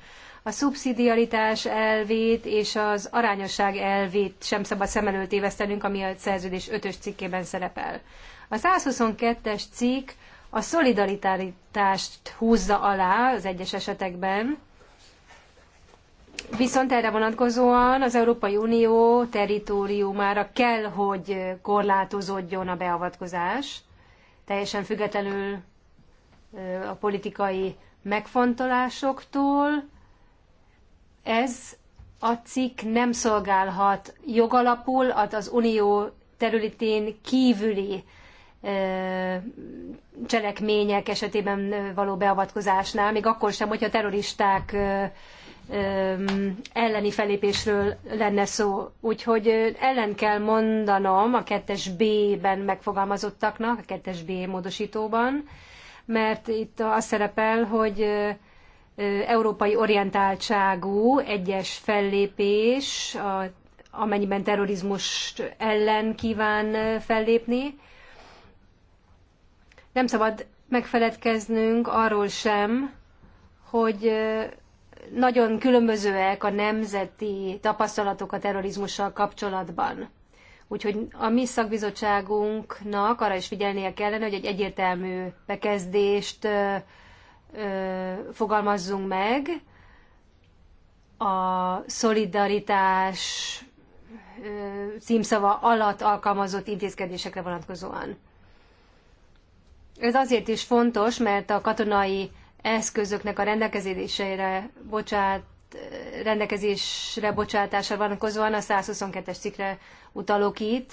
A szubszidiaritás elvét és az arányosság elvét sem szabad szem előtt évesztenünk, ami a szerződés 5-ös cikkében szerepel. A 122-es cikk a szolidaritást húzza alá az egyes esetekben, Viszont erre vonatkozóan az Európai Unió teritoriumára kell, hogy korlátozódjon a beavatkozás, teljesen függetlenül a politikai megfontolásoktól. Ez a cikk nem szolgálhat jogalapul az Unió területén kívüli cselekmények esetében való beavatkozásnál, még akkor sem, hogyha terroristák elleni felépésről lenne szó. Úgyhogy ellen kell mondanom a 2-es B-ben megfogalmazottaknak, a 2-es B módosítóban, mert itt az szerepel, hogy európai orientáltságú egyes fellépés, amennyiben terrorizmus ellen kíván fellépni. Nem szabad megfeledkeznünk arról sem, hogy nagyon különbözőek a nemzeti tapasztalatok a terrorizmussal kapcsolatban. Úgyhogy a mi szakbizottságunknak arra is figyelnie kellene, hogy egy egyértelmű bekezdést ö, ö, fogalmazzunk meg a szolidaritás ö, címszava alatt alkalmazott intézkedésekre vonatkozóan. Ez azért is fontos, mert a katonai eszközöknek a rendelkezésére bocsát, rendelkezésre bocsátása vonatkozóan a 122-es cikkre utalok itt,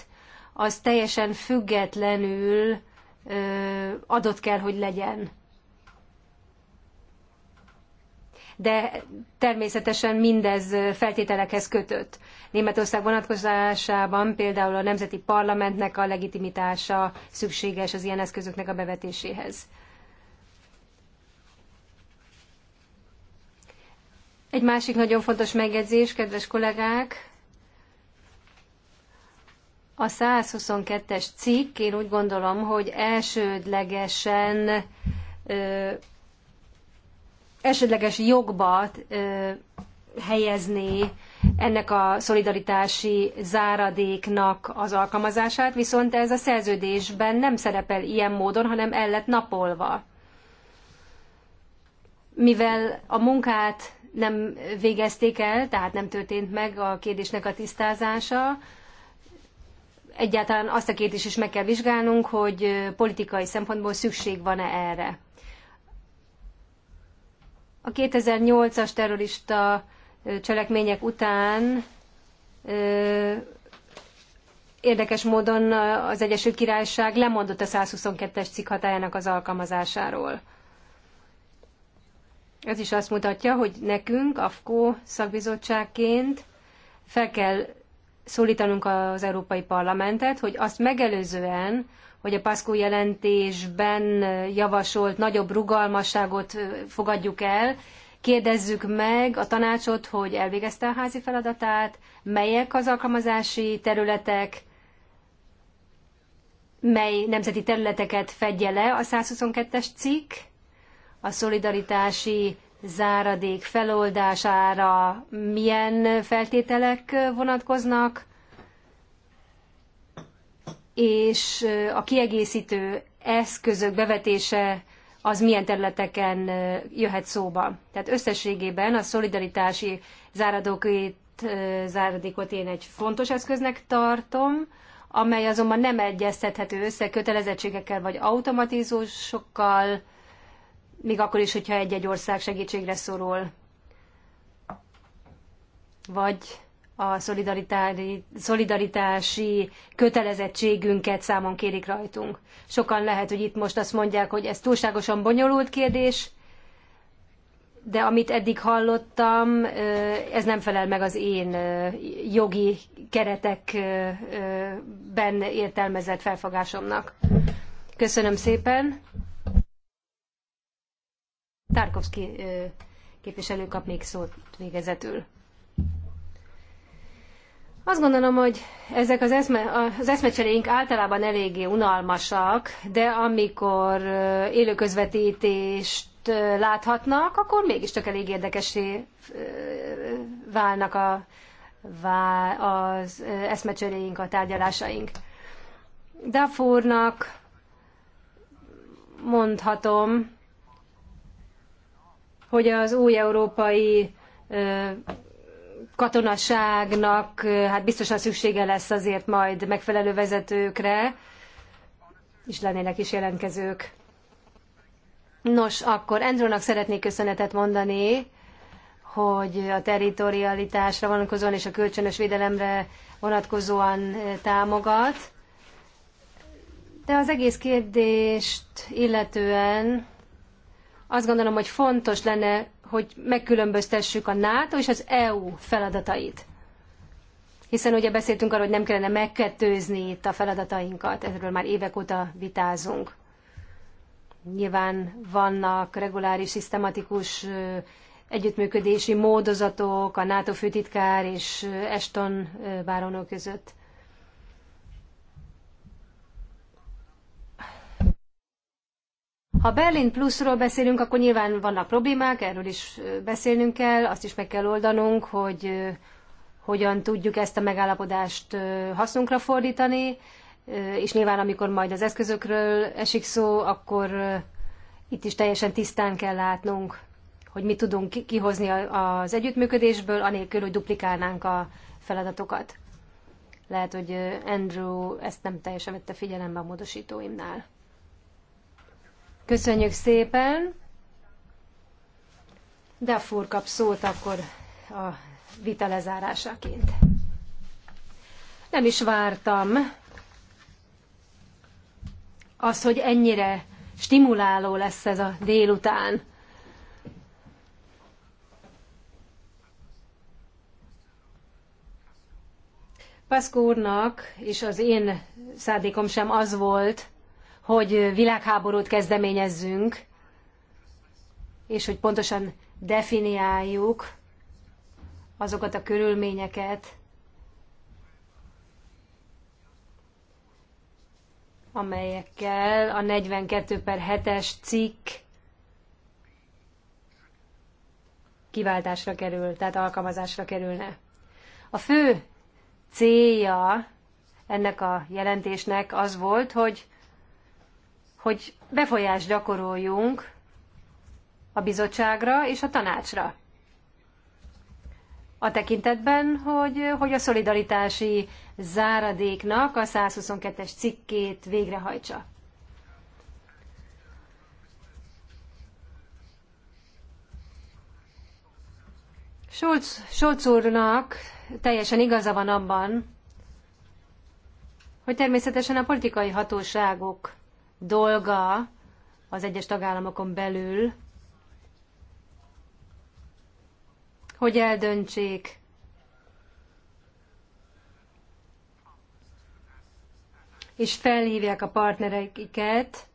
az teljesen függetlenül ö, adott kell, hogy legyen. De természetesen mindez feltételekhez kötött. Németország vonatkozásában például a nemzeti parlamentnek a legitimitása szükséges az ilyen eszközöknek a bevetéséhez. Egy másik nagyon fontos megjegyzés, kedves kollégák, a 122-es cikk, én úgy gondolom, hogy elsődlegesen ö, elsődleges jogba ö, helyezni ennek a szolidaritási záradéknak az alkalmazását, viszont ez a szerződésben nem szerepel ilyen módon, hanem el lett napolva. Mivel a munkát nem végezték el, tehát nem történt meg a kérdésnek a tisztázása. Egyáltalán azt a kérdést is meg kell vizsgálnunk, hogy politikai szempontból szükség van-e erre. A 2008-as terrorista cselekmények után érdekes módon az Egyesült Királyság lemondott a 122-es cikk hatájának az alkalmazásáról. Ez is azt mutatja, hogy nekünk, AFKO szakbizottságként fel kell szólítanunk az Európai Parlamentet, hogy azt megelőzően, hogy a PASZKO jelentésben javasolt nagyobb rugalmasságot fogadjuk el, kérdezzük meg a tanácsot, hogy elvégezte a házi feladatát, melyek az alkalmazási területek, mely nemzeti területeket fedje le a 122-es cikk, a szolidaritási záradék feloldására milyen feltételek vonatkoznak, és a kiegészítő eszközök bevetése az milyen területeken jöhet szóba. Tehát összességében a szolidaritási záradékét, záradékot én egy fontos eszköznek tartom, amely azonban nem egyeztethető össze kötelezettségekkel vagy automatizmusokkal, még akkor is, hogyha egy-egy ország segítségre szorul. Vagy a szolidaritási kötelezettségünket számon kérik rajtunk. Sokan lehet, hogy itt most azt mondják, hogy ez túlságosan bonyolult kérdés, de amit eddig hallottam, ez nem felel meg az én jogi keretekben értelmezett felfogásomnak. Köszönöm szépen! Tarkovsky képviselő kap még szót végezetül. Azt gondolom, hogy ezek az, eszme, az eszmecseréink általában eléggé unalmasak, de amikor közvetítést láthatnak, akkor mégiscsak elég érdekesé válnak a, az eszmecseréink, a tárgyalásaink. Dafurnak mondhatom, hogy az új európai katonaságnak hát biztosan szüksége lesz azért majd megfelelő vezetőkre, és lennének is jelentkezők. Nos, akkor Endronak szeretnék köszönetet mondani, hogy a territorialitásra vonatkozóan és a kölcsönös védelemre vonatkozóan támogat. De az egész kérdést illetően azt gondolom, hogy fontos lenne, hogy megkülönböztessük a NATO és az EU feladatait. Hiszen ugye beszéltünk arról, hogy nem kellene megkettőzni itt a feladatainkat, erről már évek óta vitázunk. Nyilván vannak reguláris, szisztematikus együttműködési módozatok a NATO főtitkár és Eston báronok között. Ha Berlin pluszról beszélünk, akkor nyilván vannak problémák, erről is beszélnünk kell, azt is meg kell oldanunk, hogy hogyan tudjuk ezt a megállapodást hasznunkra fordítani, és nyilván amikor majd az eszközökről esik szó, akkor itt is teljesen tisztán kell látnunk, hogy mit tudunk kihozni az együttműködésből, anélkül, hogy duplikálnánk a feladatokat. Lehet, hogy Andrew ezt nem teljesen vette figyelembe a módosítóimnál. Köszönjük szépen. Fúr kap szót akkor a vita lezárásaként. Nem is vártam az, hogy ennyire stimuláló lesz ez a délután. Paszkó úrnak, és az én szándékom sem az volt, hogy világháborút kezdeményezzünk, és hogy pontosan definiáljuk azokat a körülményeket, amelyekkel a 42 per 7-es cikk kiváltásra kerül, tehát alkalmazásra kerülne. A fő célja ennek a jelentésnek az volt, hogy hogy befolyást gyakoroljunk a bizottságra és a tanácsra. A tekintetben, hogy, hogy a szolidaritási záradéknak a 122-es cikkét végrehajtsa. Scholz, Scholz úrnak teljesen igaza van abban, hogy természetesen a politikai hatóságok dolga az egyes tagállamokon belül, hogy eldöntsék, és felhívják a partnereiket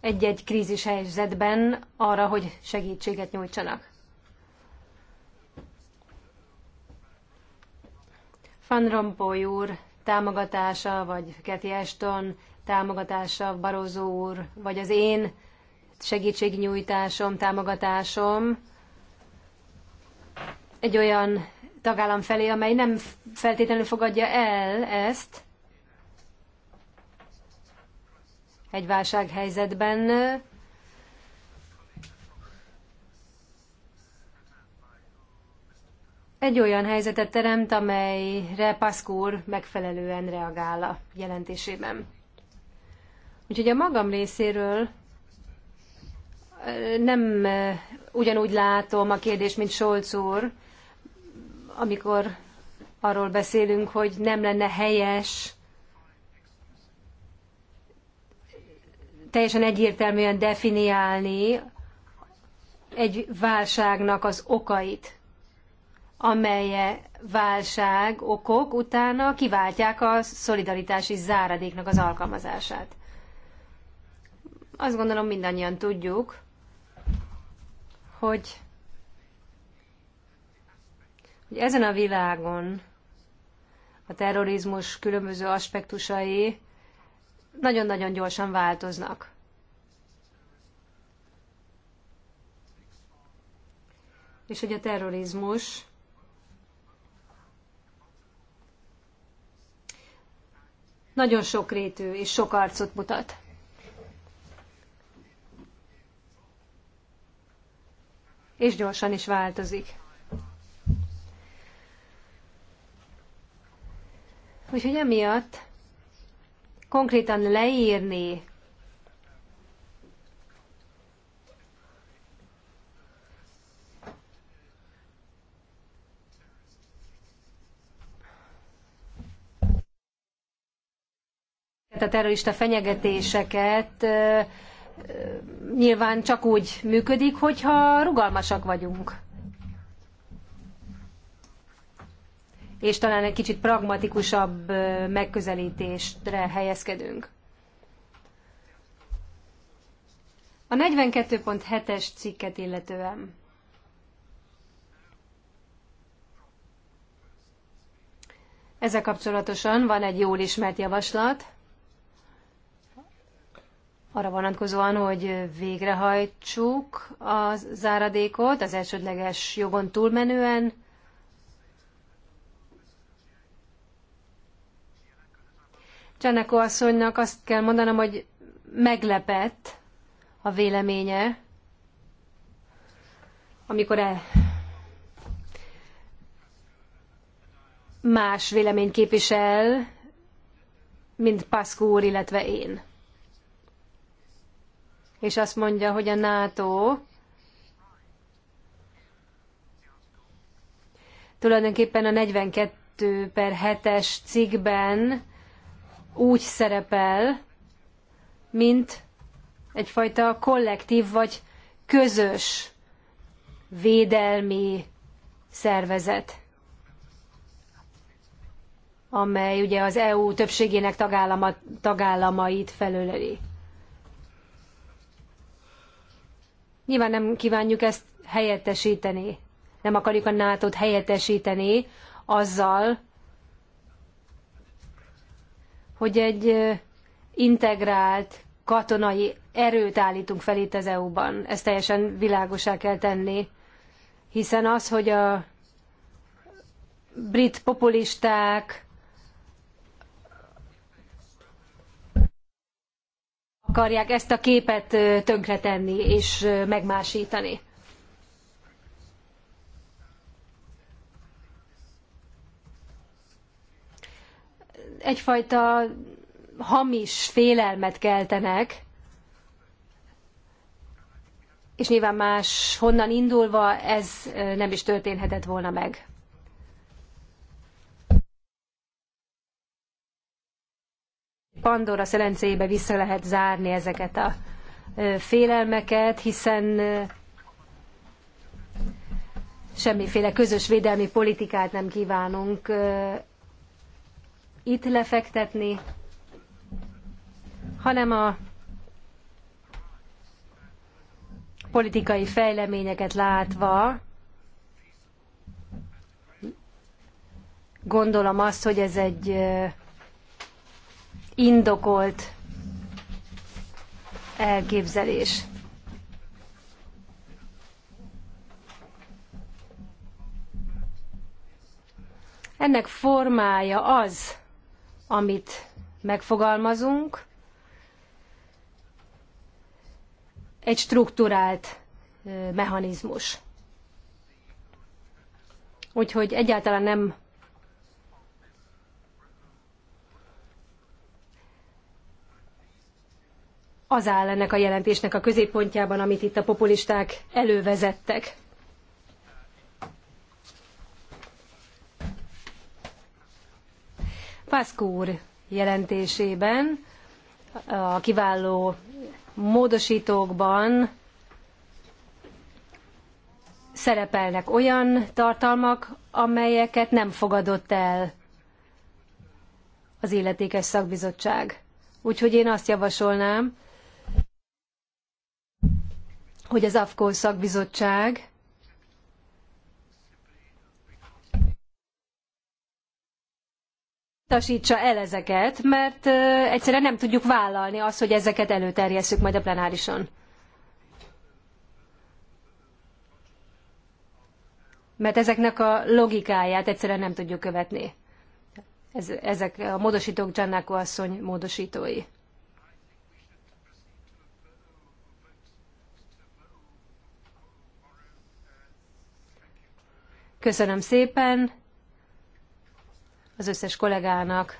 egy-egy krízis helyzetben arra, hogy segítséget nyújtsanak. Van Rompuy úr támogatása, vagy Cathy Ashton támogatása, Barózó úr, vagy az én segítségnyújtásom, támogatásom egy olyan tagállam felé, amely nem feltétlenül fogadja el ezt egy válsághelyzetben. Egy olyan helyzetet teremt, amelyre Paszkúr megfelelően reagál a jelentésében. Úgyhogy a magam részéről nem ugyanúgy látom a kérdést, mint Solc úr, amikor arról beszélünk, hogy nem lenne helyes teljesen egyértelműen definiálni egy válságnak az okait, amelye válság okok utána kiváltják a szolidaritási záradéknak az alkalmazását. Azt gondolom mindannyian tudjuk, hogy, hogy ezen a világon a terrorizmus különböző aspektusai nagyon-nagyon gyorsan változnak. És hogy a terrorizmus nagyon sokrétű és sok arcot mutat. és gyorsan is változik. Úgyhogy emiatt konkrétan leírni a terrorista fenyegetéseket nyilván csak úgy működik, hogyha rugalmasak vagyunk. És talán egy kicsit pragmatikusabb megközelítésre helyezkedünk. A 42.7-es cikket illetően. Ezzel kapcsolatosan van egy jól ismert javaslat, arra vonatkozóan, hogy végrehajtsuk a záradékot az elsődleges jogon túlmenően, Cseneko asszonynak azt kell mondanom, hogy meglepett a véleménye, amikor el más véleményt képvisel, mint Pászkó úr, illetve én és azt mondja, hogy a NATO tulajdonképpen a 42 per 7-es cikkben úgy szerepel, mint egyfajta kollektív vagy közös védelmi szervezet, amely ugye az EU többségének tagállama, tagállamait felöleli. Nyilván nem kívánjuk ezt helyettesíteni. Nem akarjuk a nato helyettesíteni azzal, hogy egy integrált katonai erőt állítunk fel itt az EU-ban. Ezt teljesen világosá kell tenni, hiszen az, hogy a brit populisták akarják ezt a képet tönkretenni és megmásítani. Egyfajta hamis félelmet keltenek, és nyilván más honnan indulva ez nem is történhetett volna meg. Pandora szelencéjébe vissza lehet zárni ezeket a félelmeket, hiszen semmiféle közös védelmi politikát nem kívánunk itt lefektetni, hanem a politikai fejleményeket látva gondolom azt, hogy ez egy indokolt elképzelés. Ennek formája az, amit megfogalmazunk, egy strukturált mechanizmus. Úgyhogy egyáltalán nem az áll ennek a jelentésnek a középpontjában, amit itt a populisták elővezettek. Pászkó úr jelentésében, a kiváló módosítókban szerepelnek olyan tartalmak, amelyeket nem fogadott el az illetékes szakbizottság. Úgyhogy én azt javasolnám, hogy az AFKO szakbizottság utasítsa el ezeket, mert egyszerűen nem tudjuk vállalni azt, hogy ezeket előterjesszük majd a plenárison. Mert ezeknek a logikáját egyszerűen nem tudjuk követni. ezek a módosítók Csannák asszony módosítói. Köszönöm szépen az összes kollégának,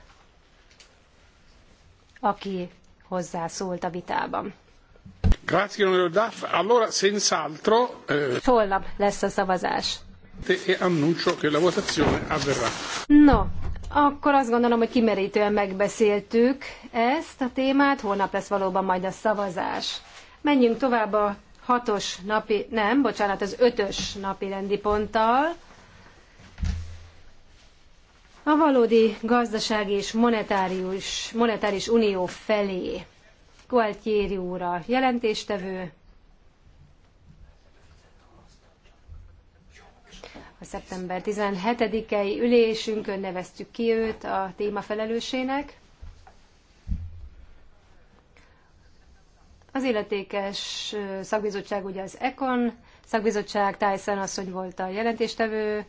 aki hozzászólt a vitában. Grazie, onorevole Allora, senz'altro... Eh... Holnap lesz a szavazás. E annuncio che la votazione avverrà. No, akkor azt gondolom, hogy kimerítően megbeszéltük ezt a témát, holnap lesz valóban majd a szavazás. Menjünk tovább a hatos napi, nem, bocsánat, az ötös napi rendi ponttal a valódi gazdasági és monetárius, monetáris unió felé. Gualtieri úr a jelentéstevő. A szeptember 17-i ülésünkön neveztük ki őt a téma felelősének. Az illetékes szakbizottság ugye az ECON, szakbizottság Tyson asszony volt a jelentéstevő,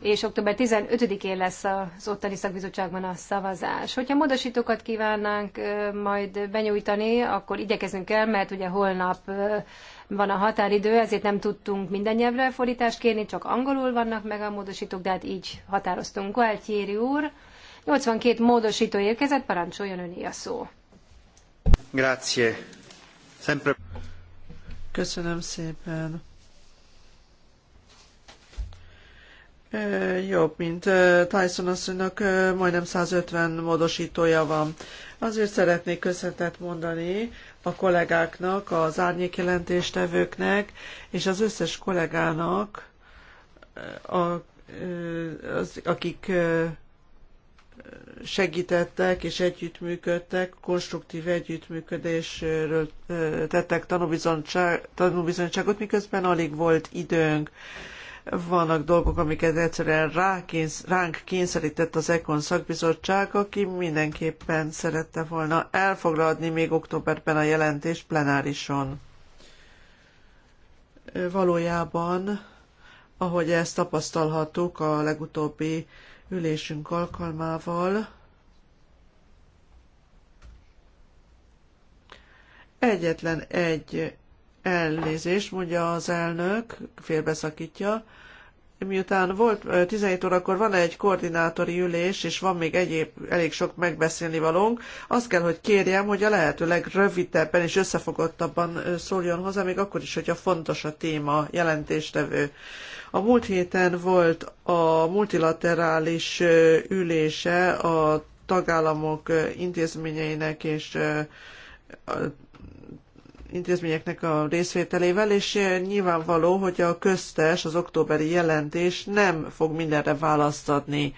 és október 15-én lesz az ottani szakbizottságban a szavazás. Hogyha módosítókat kívánnánk majd benyújtani, akkor igyekezünk el, mert ugye holnap van a határidő, ezért nem tudtunk minden nyelvre fordítást kérni, csak angolul vannak meg a módosítók, de hát így határoztunk. Gualtieri úr, 82 módosító érkezett, parancsoljon öné a szó. Grazie. Sempre... Köszönöm szépen. jobb, mint Tyson asszonynak majdnem 150 módosítója van. Azért szeretnék köszönetet mondani a kollégáknak, az árnyékjelentéstevőknek és az összes kollégának, a, az, akik segítettek és együttműködtek, konstruktív együttműködésről tettek tanúbizonyságot, miközben alig volt időnk. Vannak dolgok, amiket egyszerűen ránk kényszerített az Ekon szakbizottság, aki mindenképpen szerette volna elfoglalni még októberben a jelentést plenárison. Valójában, ahogy ezt tapasztalhattuk a legutóbbi ülésünk alkalmával, egyetlen egy Elnézést, mondja az elnök, félbeszakítja. Miután volt 17 órakor van egy koordinátori ülés, és van még egyéb elég sok megbeszélni valónk, azt kell, hogy kérjem, hogy a lehető legrövidebben és összefogottabban szóljon hozzá, még akkor is, hogyha fontos a téma, jelentéstevő. A múlt héten volt a multilaterális ülése a tagállamok intézményeinek és intézményeknek a részvételével, és nyilvánvaló, hogy a köztes, az októberi jelentés nem fog mindenre választ adni.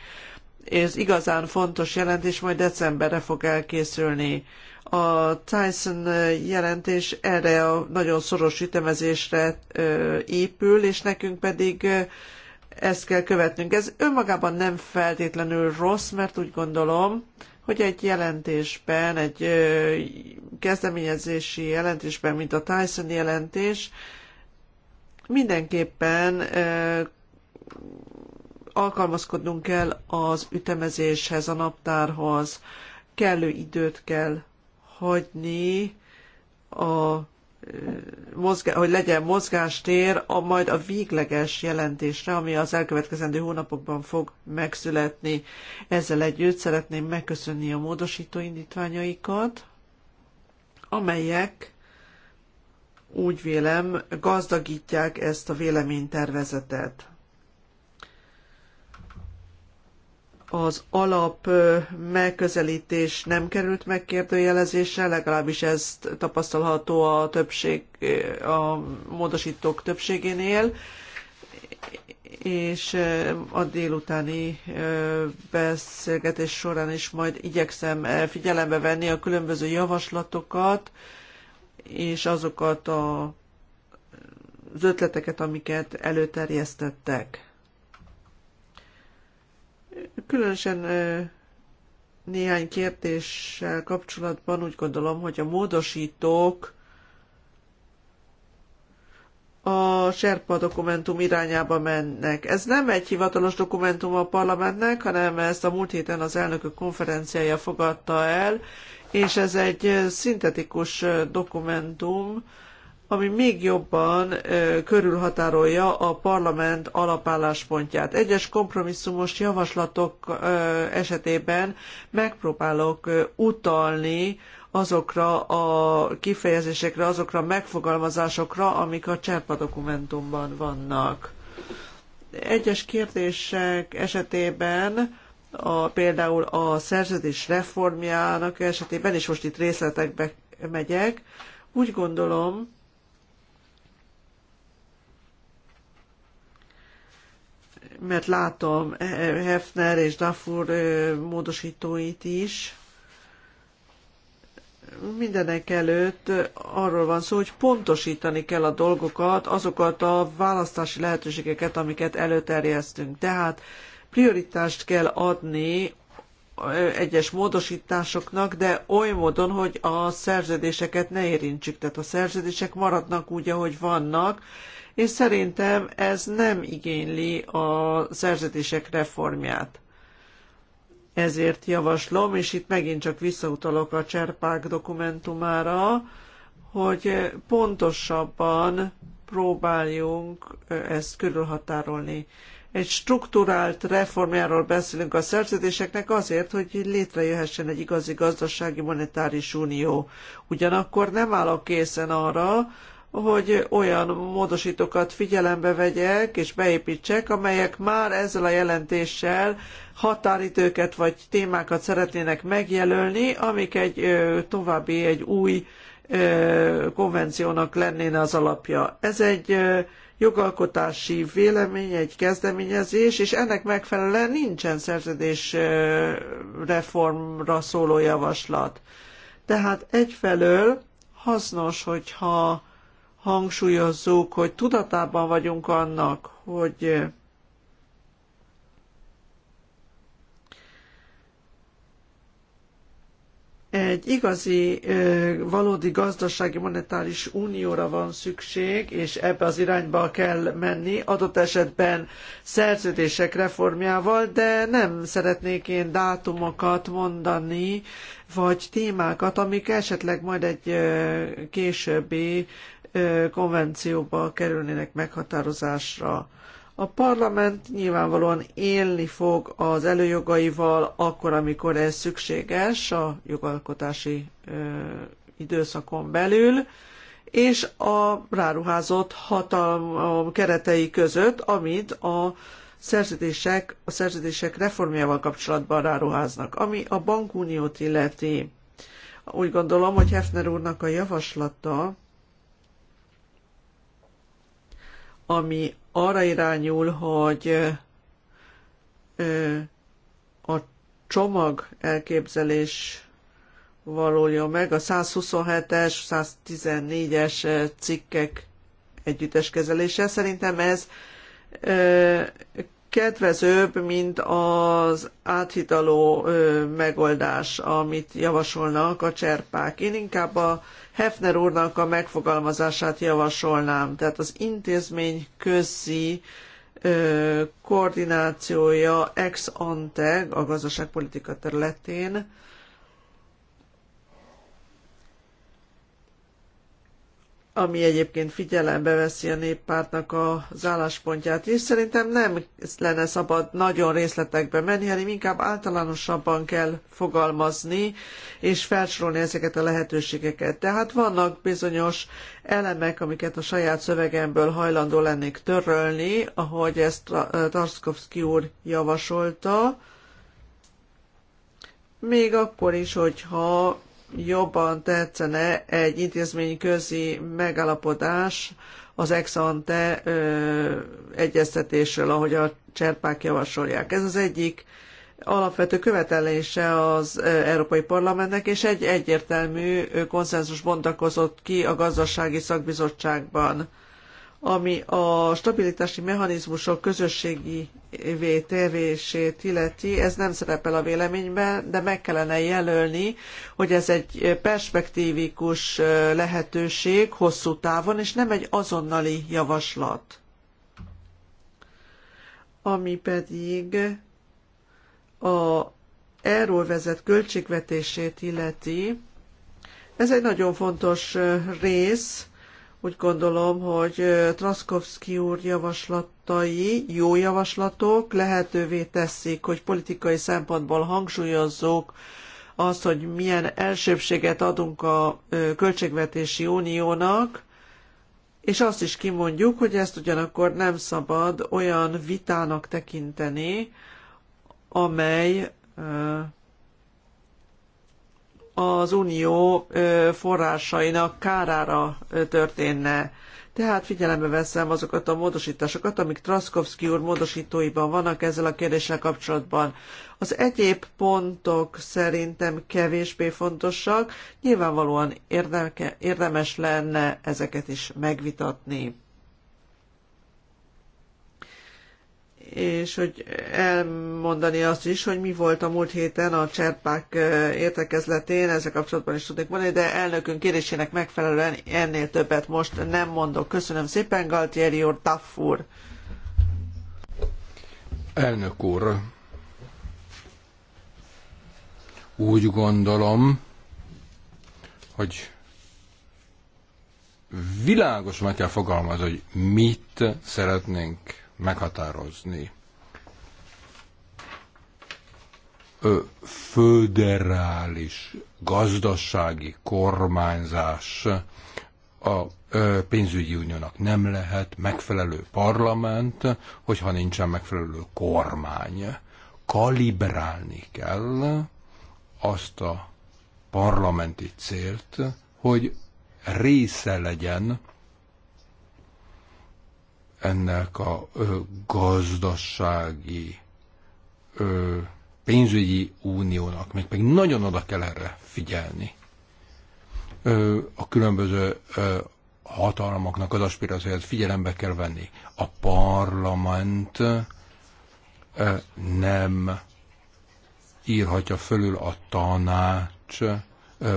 Ez igazán fontos jelentés majd decemberre fog elkészülni. A Tyson jelentés erre a nagyon szoros ütemezésre épül, és nekünk pedig ezt kell követnünk. Ez önmagában nem feltétlenül rossz, mert úgy gondolom, hogy egy jelentésben, egy kezdeményezési jelentésben, mint a Tyson jelentés, mindenképpen alkalmazkodnunk kell az ütemezéshez, a naptárhoz, kellő időt kell hagyni a mozgá, hogy legyen mozgástér a, majd a végleges jelentésre, ami az elkövetkezendő hónapokban fog megszületni. Ezzel együtt szeretném megköszönni a módosító indítványaikat, amelyek úgy vélem gazdagítják ezt a véleménytervezetet. az alap megközelítés nem került megkérdőjelezésre, legalábbis ez tapasztalható a többség, a módosítók többségénél, és a délutáni beszélgetés során is majd igyekszem figyelembe venni a különböző javaslatokat, és azokat a, az ötleteket, amiket előterjesztettek. Különösen néhány kérdéssel kapcsolatban úgy gondolom, hogy a módosítók a Serpa dokumentum irányába mennek. Ez nem egy hivatalos dokumentum a parlamentnek, hanem ezt a múlt héten az elnökök konferenciája fogadta el, és ez egy szintetikus dokumentum, ami még jobban ö, körülhatárolja a parlament alapálláspontját. Egyes kompromisszumos javaslatok ö, esetében megpróbálok ö, utalni azokra a kifejezésekre, azokra a megfogalmazásokra, amik a cserpa dokumentumban vannak. Egyes kérdések esetében a, például a szerződés reformjának esetében, és most itt részletekbe megyek, úgy gondolom, mert látom Hefner és Dafur módosítóit is. Mindenek előtt arról van szó, hogy pontosítani kell a dolgokat, azokat a választási lehetőségeket, amiket előterjesztünk. Tehát prioritást kell adni egyes módosításoknak, de oly módon, hogy a szerződéseket ne érintsük. Tehát a szerződések maradnak úgy, ahogy vannak, és szerintem ez nem igényli a szerződések reformját. Ezért javaslom, és itt megint csak visszautalok a Cserpák dokumentumára, hogy pontosabban próbáljunk ezt körülhatárolni. Egy strukturált reformjáról beszélünk a szerződéseknek azért, hogy létrejöhessen egy igazi gazdasági monetáris unió. Ugyanakkor nem állok készen arra, hogy olyan módosítókat figyelembe vegyek és beépítsek, amelyek már ezzel a jelentéssel határidőket vagy témákat szeretnének megjelölni, amik egy további, egy új konvenciónak lennéne az alapja. Ez egy jogalkotási vélemény, egy kezdeményezés, és ennek megfelelően nincsen szerződés reformra szóló javaslat. Tehát egyfelől hasznos, hogyha hangsúlyozzuk, hogy tudatában vagyunk annak, hogy egy igazi, valódi gazdasági monetáris unióra van szükség, és ebbe az irányba kell menni, adott esetben szerződések reformjával, de nem szeretnék én dátumokat mondani, vagy témákat, amik esetleg majd egy későbbi konvencióba kerülnének meghatározásra. A parlament nyilvánvalóan élni fog az előjogaival akkor, amikor ez szükséges a jogalkotási időszakon belül, és a ráruházott hatalom keretei között, amit a szerződések, a szerződések reformjával kapcsolatban ráruháznak, ami a bankuniót illeti. Úgy gondolom, hogy Hefner úrnak a javaslata, ami arra irányul, hogy a csomag elképzelés valója meg, a 127-es, 114-es cikkek együttes kezelése. Szerintem ez kedvezőbb, mint az áthidaló megoldás, amit javasolnak a cserpák. Én inkább a Hefner úrnak a megfogalmazását javasolnám. Tehát az intézmény közi ö, koordinációja ex ante a gazdaságpolitika területén ami egyébként figyelembe veszi a néppártnak az álláspontját is. Szerintem nem lenne szabad nagyon részletekbe menni, hanem inkább általánosabban kell fogalmazni és felsorolni ezeket a lehetőségeket. Tehát vannak bizonyos elemek, amiket a saját szövegemből hajlandó lennék törölni, ahogy ezt eh, Tarszkowski úr javasolta, még akkor is, hogyha jobban tetszene egy intézményi közi megállapodás az ex-ante egyeztetésről, ahogy a cserpák javasolják. Ez az egyik alapvető követelése az Európai Parlamentnek, és egy egyértelmű konszenzus bontakozott ki a gazdasági szakbizottságban ami a stabilitási mechanizmusok közösségi térését illeti, ez nem szerepel a véleményben, de meg kellene jelölni, hogy ez egy perspektívikus lehetőség hosszú távon, és nem egy azonnali javaslat. Ami pedig a erről vezet költségvetését illeti, ez egy nagyon fontos rész, úgy gondolom, hogy Traszkovszki úr javaslatai jó javaslatok lehetővé teszik, hogy politikai szempontból hangsúlyozzuk azt, hogy milyen elsőbséget adunk a költségvetési uniónak, és azt is kimondjuk, hogy ezt ugyanakkor nem szabad olyan vitának tekinteni, amely az unió forrásainak kárára történne. Tehát figyelembe veszem azokat a módosításokat, amik Traszkowski úr módosítóiban vannak ezzel a kérdéssel kapcsolatban. Az egyéb pontok szerintem kevésbé fontosak, nyilvánvalóan érdemke, érdemes lenne ezeket is megvitatni. és hogy elmondani azt is, hogy mi volt a múlt héten a cserpák értekezletén, ezzel kapcsolatban is tudnék mondani, de elnökünk kérésének megfelelően ennél többet most nem mondok. Köszönöm szépen, Galtieri úr, Taff úr. Elnök úr, úgy gondolom, hogy világos meg kell fogalmazni, hogy mit szeretnénk meghatározni. Ö, föderális gazdasági kormányzás a ö, pénzügyi uniónak nem lehet megfelelő parlament, hogyha nincsen megfelelő kormány. Kalibrálni kell azt a parlamenti célt, hogy része legyen ennek a gazdasági pénzügyi uniónak, még pedig nagyon oda kell erre figyelni. A különböző hatalmaknak az aspirációját figyelembe kell venni. A parlament nem írhatja fölül a tanács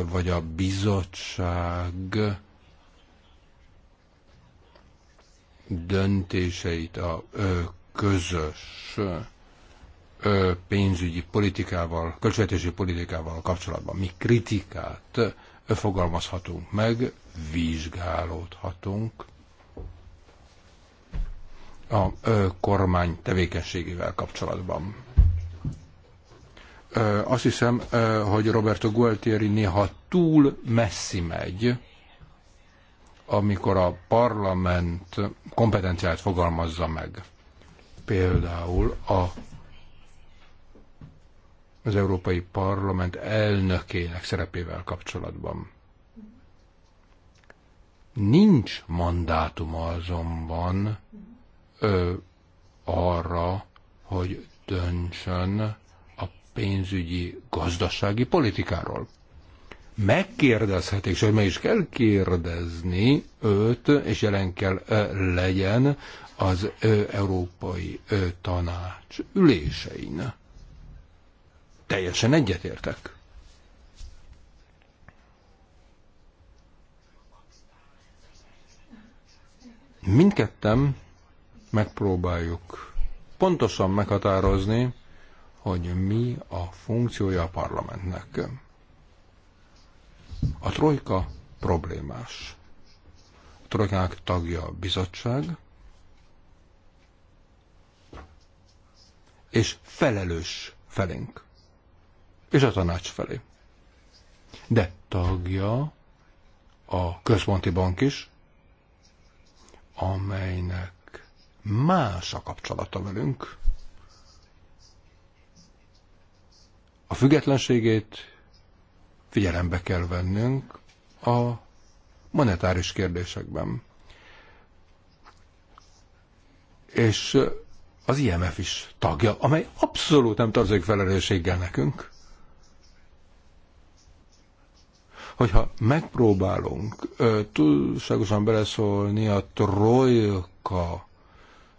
vagy a bizottság döntéseit a közös pénzügyi politikával, költségvetési politikával kapcsolatban. Mi kritikát fogalmazhatunk meg, vizsgálódhatunk a kormány tevékenységével kapcsolatban. Azt hiszem, hogy Roberto Gualtieri néha túl messzi megy, amikor a parlament kompetenciát fogalmazza meg. Például a, az Európai Parlament elnökének szerepével kapcsolatban. Nincs mandátuma azonban ö, arra, hogy döntsön a pénzügyi gazdasági politikáról megkérdezhetik, hogy meg is kell kérdezni őt, és jelen kell legyen az Európai Tanács ülésein. Teljesen egyetértek. Mindketten megpróbáljuk pontosan meghatározni, hogy mi a funkciója a parlamentnek. A trojka problémás. A trojkának tagja a bizottság, és felelős felénk, és a tanács felé. De tagja a központi bank is, amelynek más a kapcsolata velünk. A függetlenségét figyelembe kell vennünk a monetáris kérdésekben. És az IMF is tagja, amely abszolút nem tartozik felelősséggel nekünk. Hogyha megpróbálunk ö, túlságosan beleszólni a trojka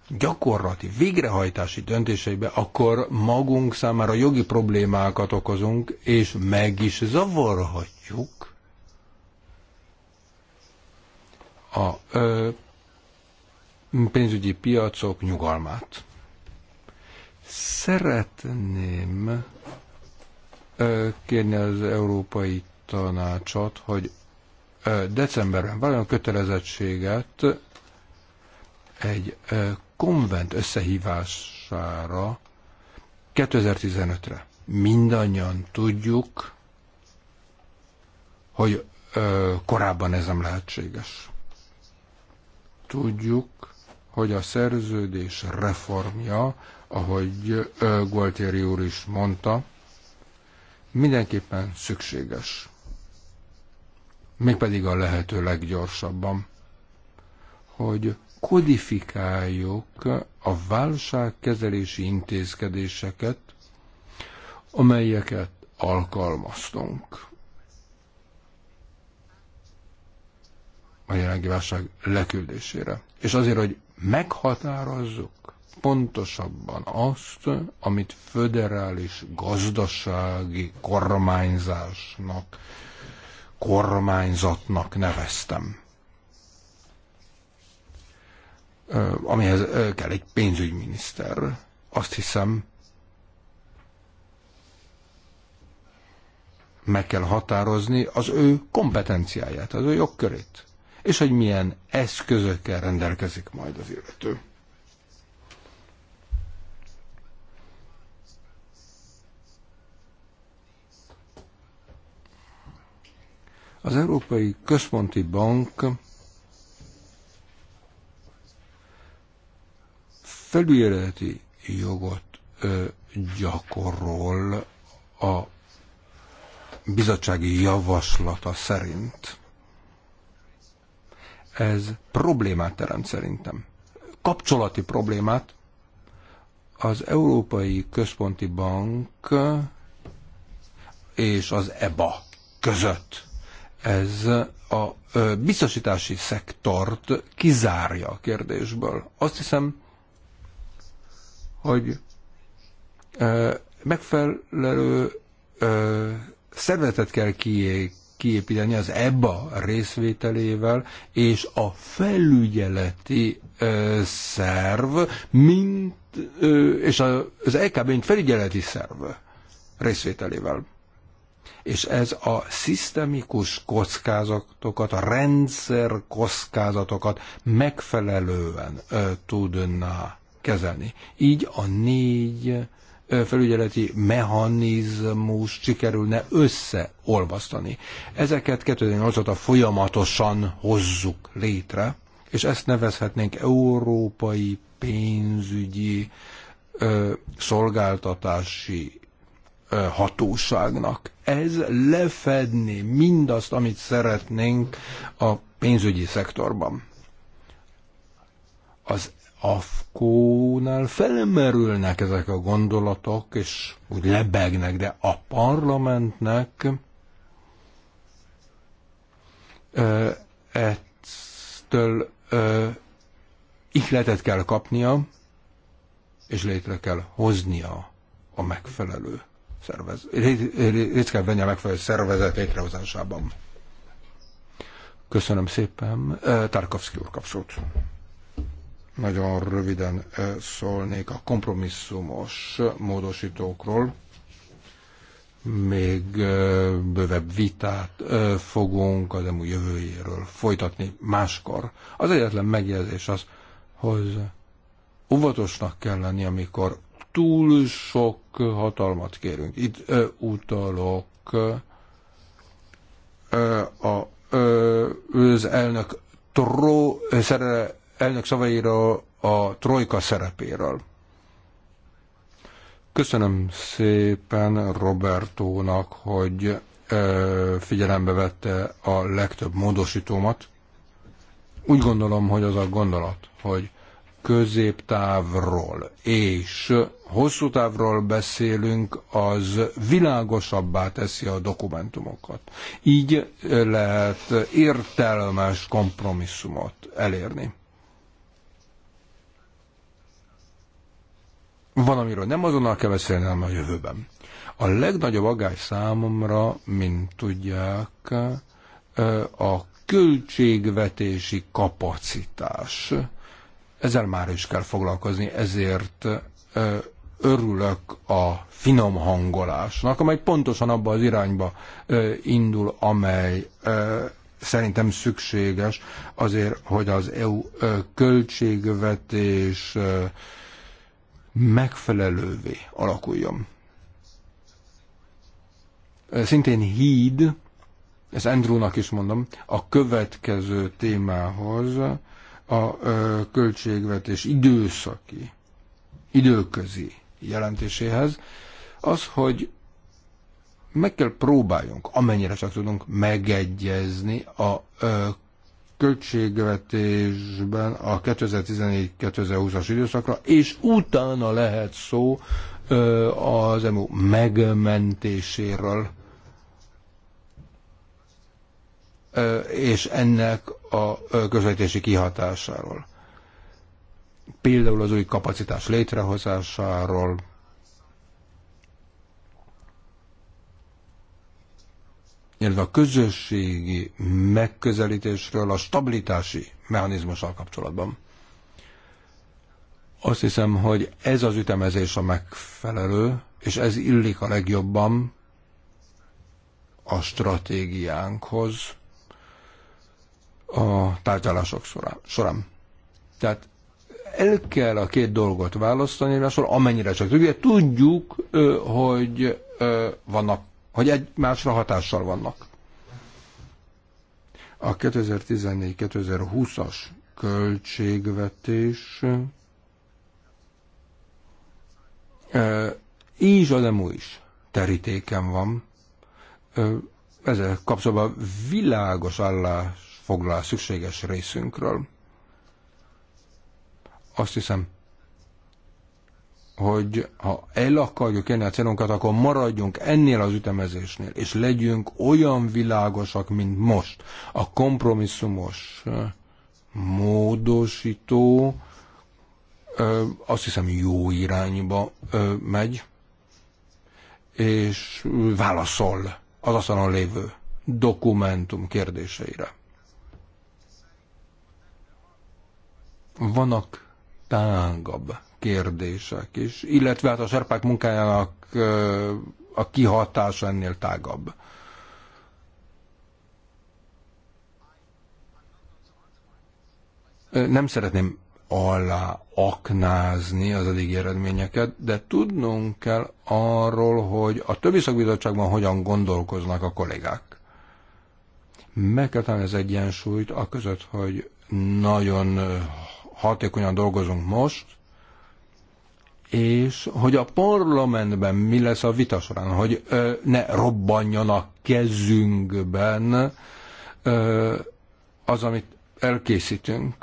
gyakorlati, végrehajtási döntéseibe, akkor magunk számára jogi problémákat okozunk, és meg is zavarhatjuk a ö, pénzügyi piacok nyugalmát. Szeretném ö, kérni az Európai Tanácsot, hogy ö, decemberben valami kötelezettséget egy konvent összehívására 2015-re. Mindannyian tudjuk, hogy ö, korábban ez nem lehetséges. Tudjuk, hogy a szerződés reformja, ahogy ö, Gualtieri úr is mondta, mindenképpen szükséges. Mégpedig a lehető leggyorsabban, hogy kodifikáljuk a válságkezelési intézkedéseket, amelyeket alkalmaztunk. A jelenlegi válság leküldésére. És azért, hogy meghatározzuk pontosabban azt, amit föderális gazdasági kormányzásnak, kormányzatnak neveztem. amihez kell egy pénzügyminiszter. Azt hiszem, meg kell határozni az ő kompetenciáját, az ő jogkörét, és hogy milyen eszközökkel rendelkezik majd az illető. Az Európai Központi Bank felügyeleti jogot ö, gyakorol a bizottsági javaslata szerint. Ez problémát teremt szerintem. Kapcsolati problémát az Európai Központi Bank és az EBA között. Ez a biztosítási szektort kizárja a kérdésből. Azt hiszem, hogy megfelelő szervezetet kell kiépíteni az EBA részvételével, és a felügyeleti szerv, mint, és az EKB, mint felügyeleti szerv részvételével. És ez a szisztemikus kockázatokat, a rendszer kockázatokat megfelelően ö, tudná kezelni. Így a négy felügyeleti mechanizmus sikerülne összeolvasztani. Ezeket 2008 óta folyamatosan hozzuk létre, és ezt nevezhetnénk európai pénzügyi ö, szolgáltatási ö, hatóságnak. Ez lefedni mindazt, amit szeretnénk a pénzügyi szektorban. Az Afkónál felmerülnek ezek a gondolatok, és úgy lebegnek, de a parlamentnek ö, ettől ö, ihletet kell kapnia, és létre kell hoznia a megfelelő szervez, részt kell venni a megfelelő szervezet létrehozásában. Köszönöm szépen. Tarkovsky úr kapcsolat. Nagyon röviden eh, szólnék a kompromisszumos módosítókról. Még eh, bővebb vitát eh, fogunk az EMU jövőjéről folytatni máskor. Az egyetlen megjegyzés az, hogy óvatosnak kell lenni, amikor túl sok hatalmat kérünk. Itt ö, utalok ö, a, ö, az elnök tró, szere, elnök szavairól a trojka szerepéről. Köszönöm szépen Robertónak, hogy figyelembe vette a legtöbb módosítómat. Úgy gondolom, hogy az a gondolat, hogy középtávról és hosszú távról beszélünk, az világosabbá teszi a dokumentumokat. Így lehet értelmes kompromisszumot elérni. van, amiről nem azonnal kell beszélni, hanem a jövőben. A legnagyobb agály számomra, mint tudják, a költségvetési kapacitás. Ezzel már is kell foglalkozni, ezért örülök a finom hangolásnak, amely pontosan abba az irányba indul, amely szerintem szükséges azért, hogy az EU költségvetés megfelelővé alakuljon. Szintén híd, ezt Andrewnak is mondom, a következő témához a költségvetés időszaki, időközi jelentéséhez, az, hogy meg kell próbáljunk, amennyire csak tudunk megegyezni a költségvetésben a 2014-2020-as időszakra, és utána lehet szó az EMU megmentéséről, és ennek a közvetési kihatásáról. Például az új kapacitás létrehozásáról, illetve a közösségi megközelítésről a stabilitási mechanizmussal kapcsolatban. Azt hiszem, hogy ez az ütemezés a megfelelő, és ez illik a legjobban a stratégiánkhoz a tárgyalások során. Tehát el kell a két dolgot választani, mert amennyire csak tudjuk. Tudjuk, hogy vannak hogy egymásra hatással vannak. A 2014-2020-as költségvetés így az EMU is terítéken van. Ezzel kapcsolatban világos állásfoglalás szükséges részünkről. Azt hiszem, hogy ha el akarjuk enni a célunkat, akkor maradjunk ennél az ütemezésnél, és legyünk olyan világosak, mint most. A kompromisszumos módosító azt hiszem jó irányba megy, és válaszol az asztalon lévő dokumentum kérdéseire. Vannak tágabb kérdések is, illetve hát a serpák munkájának a kihatása ennél tágabb. Nem szeretném alá aknázni az eddigi eredményeket, de tudnunk kell arról, hogy a többi szakbizottságban hogyan gondolkoznak a kollégák. Meg kell találni az egyensúlyt a között, hogy nagyon hatékonyan dolgozunk most, és hogy a parlamentben mi lesz a vita során, hogy ö, ne robbanjanak kezünkben ö, az, amit elkészítünk,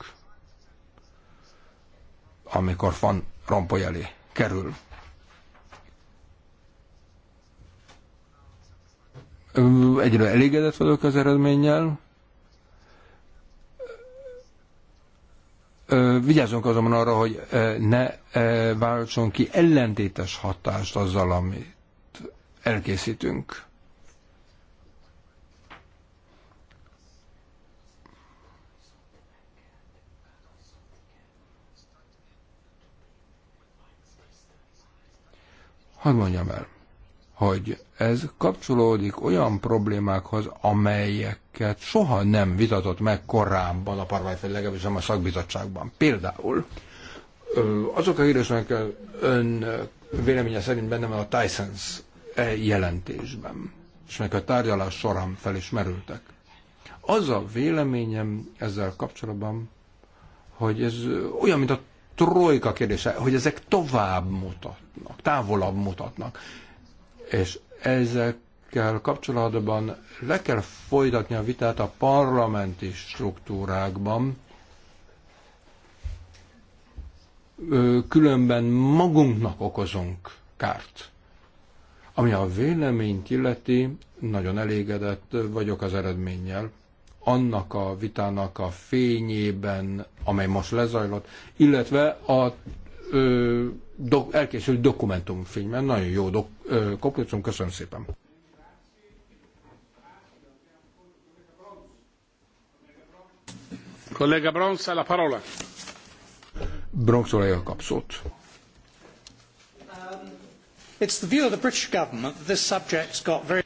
amikor van rompoly elé kerül. Egyre elégedett vagyok az eredménnyel, Vigyázzunk azonban arra, hogy ne váltson ki ellentétes hatást azzal, amit elkészítünk. Hadd mondjam el hogy ez kapcsolódik olyan problémákhoz, amelyeket soha nem vitatott meg korábban a parlament, legalábbis nem a szakbizottságban. Például azok a hírésnek ön véleménye szerint benne van a Tysons e jelentésben, és meg a tárgyalás során felismerültek. Az a véleményem ezzel kapcsolatban, hogy ez olyan, mint a trojka kérdése, hogy ezek tovább mutatnak, távolabb mutatnak és ezekkel kapcsolatban le kell folytatni a vitát a parlamenti struktúrákban, különben magunknak okozunk kárt. Ami a véleményt illeti, nagyon elégedett vagyok az eredménnyel. Annak a vitának a fényében, amely most lezajlott, illetve a ö, do, elkészült dokumentumfilmben. Nagyon jó dok, ö, kopulcum, köszönöm szépen. Kollega Bronx, a parola. Bronx a kapszót. Um, it's the view of the British government that this subject's got very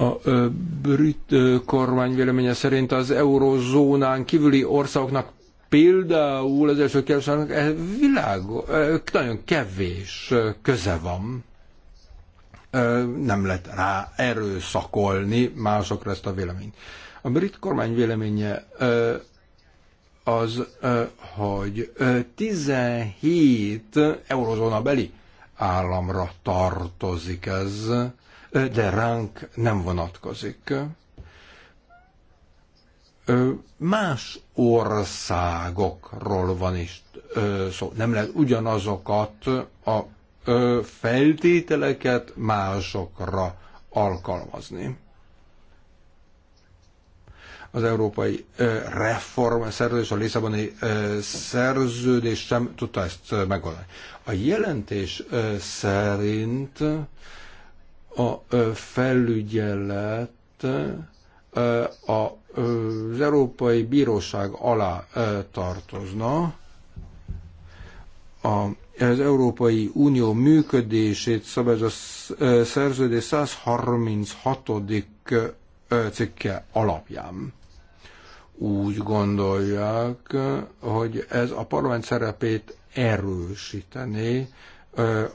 a brit kormány véleménye szerint az eurozónán kívüli országoknak Például az első kiárásának világo, nagyon kevés köze van, nem lehet rá erőszakolni másokra ezt a véleményt. A brit kormány véleménye az, hogy 17 eurozóna beli államra tartozik ez, de ránk nem vonatkozik más országokról van is szó. Nem lehet ugyanazokat a feltételeket másokra alkalmazni. Az európai reform szerződés, a Lisszaboni szerződés sem tudta ezt megoldani. A jelentés szerint a felügyelet a az Európai Bíróság alá tartozna, az Európai Unió működését szabályozó szerződés 136. cikke alapján. Úgy gondolják, hogy ez a parlament szerepét erősítené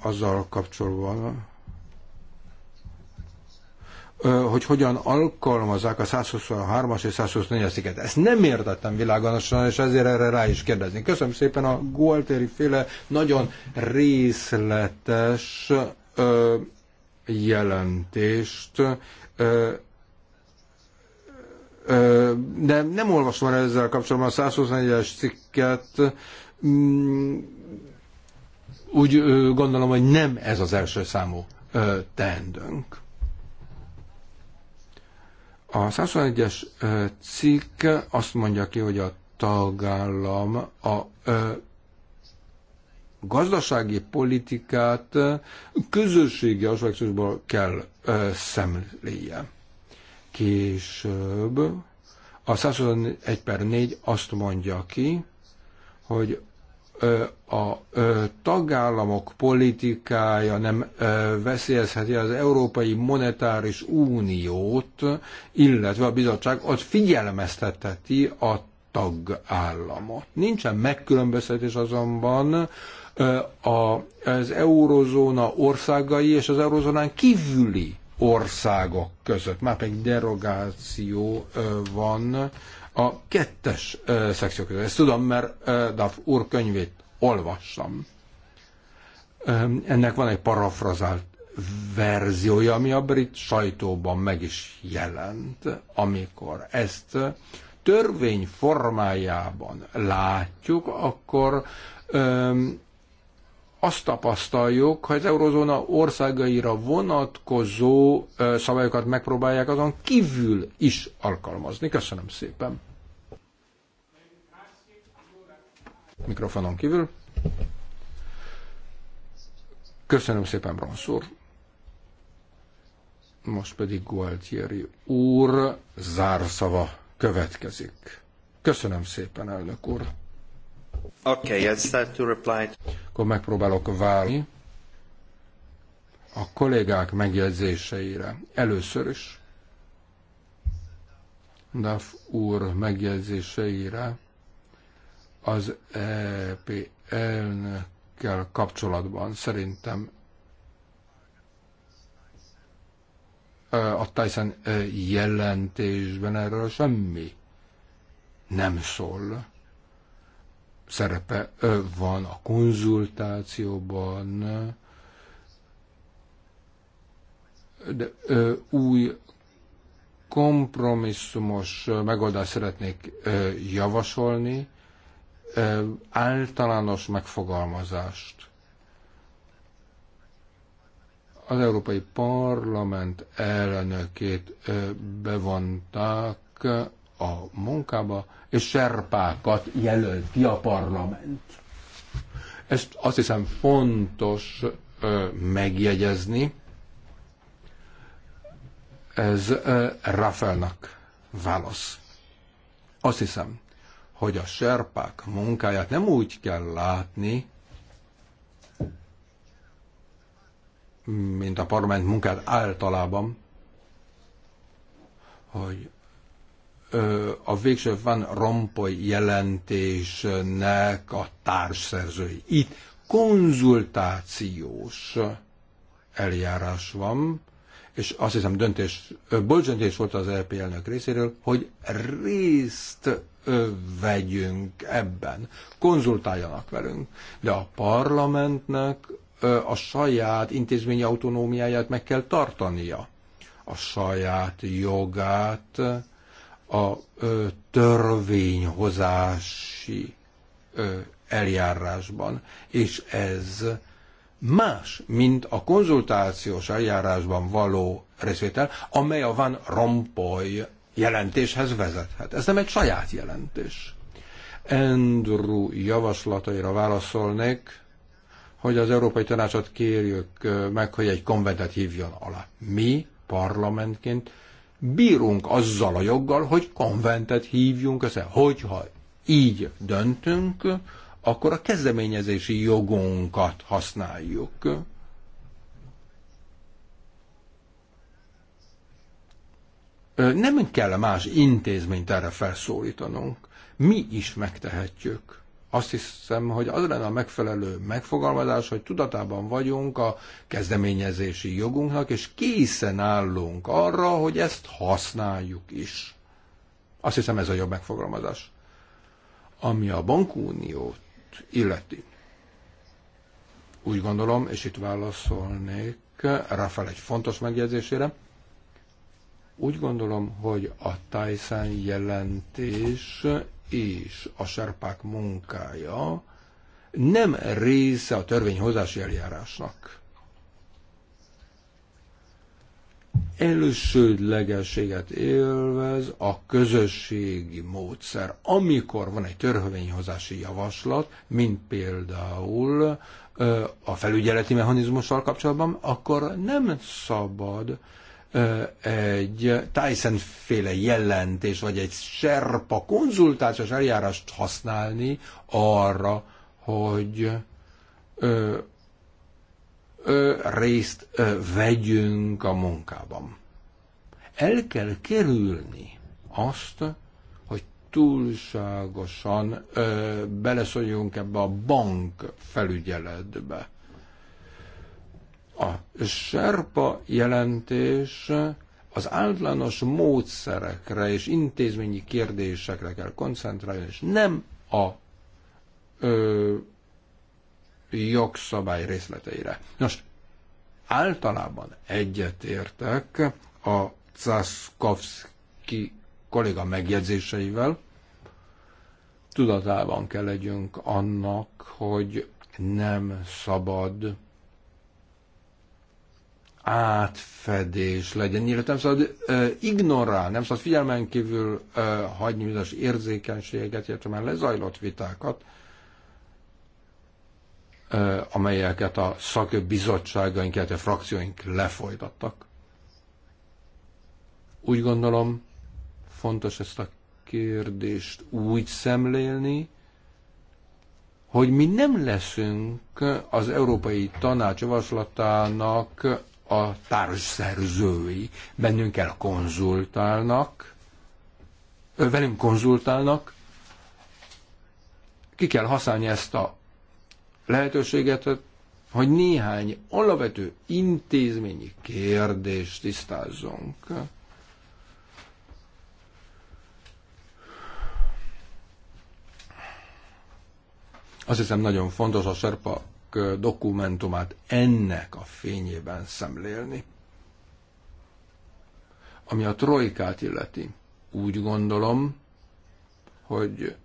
azzal kapcsolatban, hogy hogyan alkalmazzák a 123-as és 124-es sziket. Ezt nem értettem világosan, és ezért erre rá is kérdezni. Köszönöm szépen a Gualtéri féle nagyon részletes ö, jelentést. Ö, ö, de nem olvasom el ezzel kapcsolatban a 124-es cikket. Mm, úgy ö, gondolom, hogy nem ez az első számú ö, teendőnk. A 121-es cikk azt mondja ki, hogy a tagállam a ö, gazdasági politikát közösségi aspektusból kell ö, szemléje. Később a 121 per 4 azt mondja ki, hogy a tagállamok politikája nem veszélyezheti az Európai Monetáris Uniót, illetve a bizottság ott figyelmezteteti a tagállamot. Nincsen megkülönböztetés azonban az eurozóna országai és az eurozónán kívüli országok között. Már pedig derogáció van a kettes szekció között. Ezt tudom, mert Duff úr könyvét olvastam. Ennek van egy parafrazált verziója, ami a brit sajtóban meg is jelent, amikor ezt törvény formájában látjuk, akkor ö, azt tapasztaljuk, hogy az eurozóna országaira vonatkozó szabályokat megpróbálják azon kívül is alkalmazni. Köszönöm szépen. Mikrofonon kívül. Köszönöm szépen, Bronsz úr. Most pedig Gualtieri úr zárszava következik. Köszönöm szépen, elnök úr. Okay, I'll to reply. Akkor megpróbálok válni a kollégák megjegyzéseire. Először is Daf úr megjegyzéseire az EP elnökkel kapcsolatban szerintem a Tyson jelentésben erről semmi nem szól szerepe van a konzultációban, de új kompromisszumos megoldást szeretnék javasolni, általános megfogalmazást. Az Európai Parlament elnökét bevonták a munkába, és serpákat jelölt ki a parlament. Ezt azt hiszem fontos ö, megjegyezni. Ez Rafelnak válasz. Azt hiszem, hogy a serpák munkáját nem úgy kell látni, mint a parlament munkát általában, hogy a végső Van Rompuy jelentésnek a társszerzői. Itt konzultációs eljárás van, és azt hiszem döntés, bölcsöntés volt az LP e elnök részéről, hogy részt vegyünk ebben, konzultáljanak velünk. De a parlamentnek a saját intézményi autonómiáját meg kell tartania, a saját jogát a törvényhozási eljárásban, és ez más, mint a konzultációs eljárásban való részvétel, amely a Van Rompuy jelentéshez vezethet. Ez nem egy saját jelentés. Andrew javaslataira válaszolnék, hogy az Európai Tanácsot kérjük meg, hogy egy konventet hívjon alá. Mi parlamentként bírunk azzal a joggal, hogy konventet hívjunk össze. Hogyha így döntünk, akkor a kezdeményezési jogunkat használjuk. Nem kell más intézményt erre felszólítanunk. Mi is megtehetjük. Azt hiszem, hogy az lenne a megfelelő megfogalmazás, hogy tudatában vagyunk a kezdeményezési jogunknak, és készen állunk arra, hogy ezt használjuk is. Azt hiszem, ez a jobb megfogalmazás. Ami a bankuniót illeti, úgy gondolom, és itt válaszolnék Rafael egy fontos megjegyzésére, úgy gondolom, hogy a Tyson jelentés és a serpák munkája nem része a törvényhozási eljárásnak. elősődlegességet élvez a közösségi módszer. Amikor van egy törvényhozási javaslat, mint például a felügyeleti mechanizmussal kapcsolatban, akkor nem szabad egy Tyson féle jelentés, vagy egy serpa konzultációs eljárást használni arra, hogy ö, ö, részt ö, vegyünk a munkában. El kell kerülni azt, hogy túlságosan ö, beleszóljunk ebbe a bank felügyeletbe a serpa jelentés az általános módszerekre és intézményi kérdésekre kell koncentrálni, és nem a ö, jogszabály részleteire. Nos, általában egyetértek a Czaszkowski kolléga megjegyzéseivel, tudatában kell legyünk annak, hogy nem szabad átfedés legyen. Nyilván nem szabad uh, ignorál, nem szabad figyelmen kívül uh, hagyni bizonyos érzékenységet, illetve már lezajlott vitákat, uh, amelyeket a szakbizottságaink, illetve a frakcióink lefolytattak. Úgy gondolom, fontos ezt a kérdést úgy szemlélni, hogy mi nem leszünk az Európai Tanács javaslatának a társszerzői bennünkkel konzultálnak, velünk konzultálnak, ki kell használni ezt a lehetőséget, hogy néhány alapvető intézményi kérdést tisztázzunk. Azt hiszem nagyon fontos a serpa dokumentumát ennek a fényében szemlélni. Ami a trojkát illeti, úgy gondolom, hogy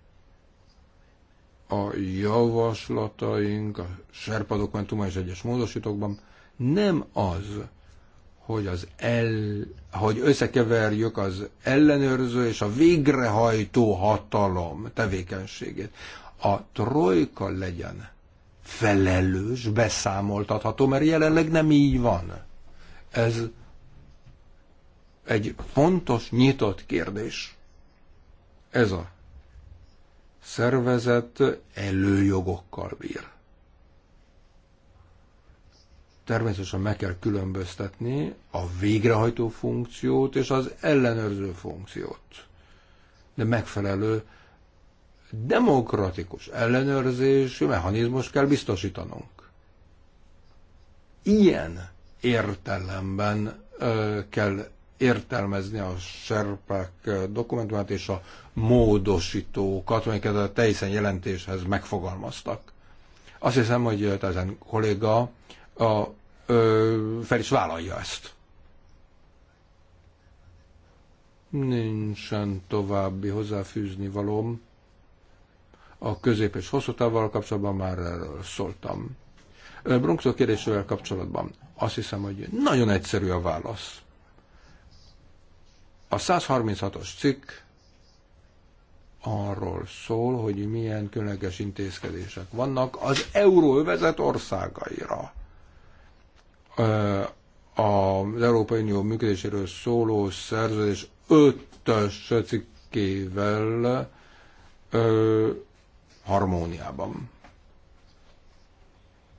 a javaslataink, a serpa dokumentuma és egyes módosítókban nem az, hogy, az el, hogy összekeverjük az ellenőrző és a végrehajtó hatalom tevékenységét. A trojka legyen felelős, beszámoltatható, mert jelenleg nem így van. Ez egy fontos, nyitott kérdés. Ez a szervezet előjogokkal bír. Természetesen meg kell különböztetni a végrehajtó funkciót és az ellenőrző funkciót. De megfelelő demokratikus ellenőrzési mechanizmus kell biztosítanunk. Ilyen értelemben ö, kell értelmezni a serpek dokumentumát és a módosítókat, amiket a teljesen jelentéshez megfogalmaztak. Azt hiszem, hogy ezen kolléga a, ö, fel is vállalja ezt. Nincsen további hozzáfűzni valóm. A közép és hosszú távval kapcsolatban már erről szóltam. Bronxó kérdésével kapcsolatban azt hiszem, hogy nagyon egyszerű a válasz. A 136-os cikk arról szól, hogy milyen különleges intézkedések vannak az euróövezet országaira. Az Európai Unió működéséről szóló szerződés 5-ös cikkével harmóniában.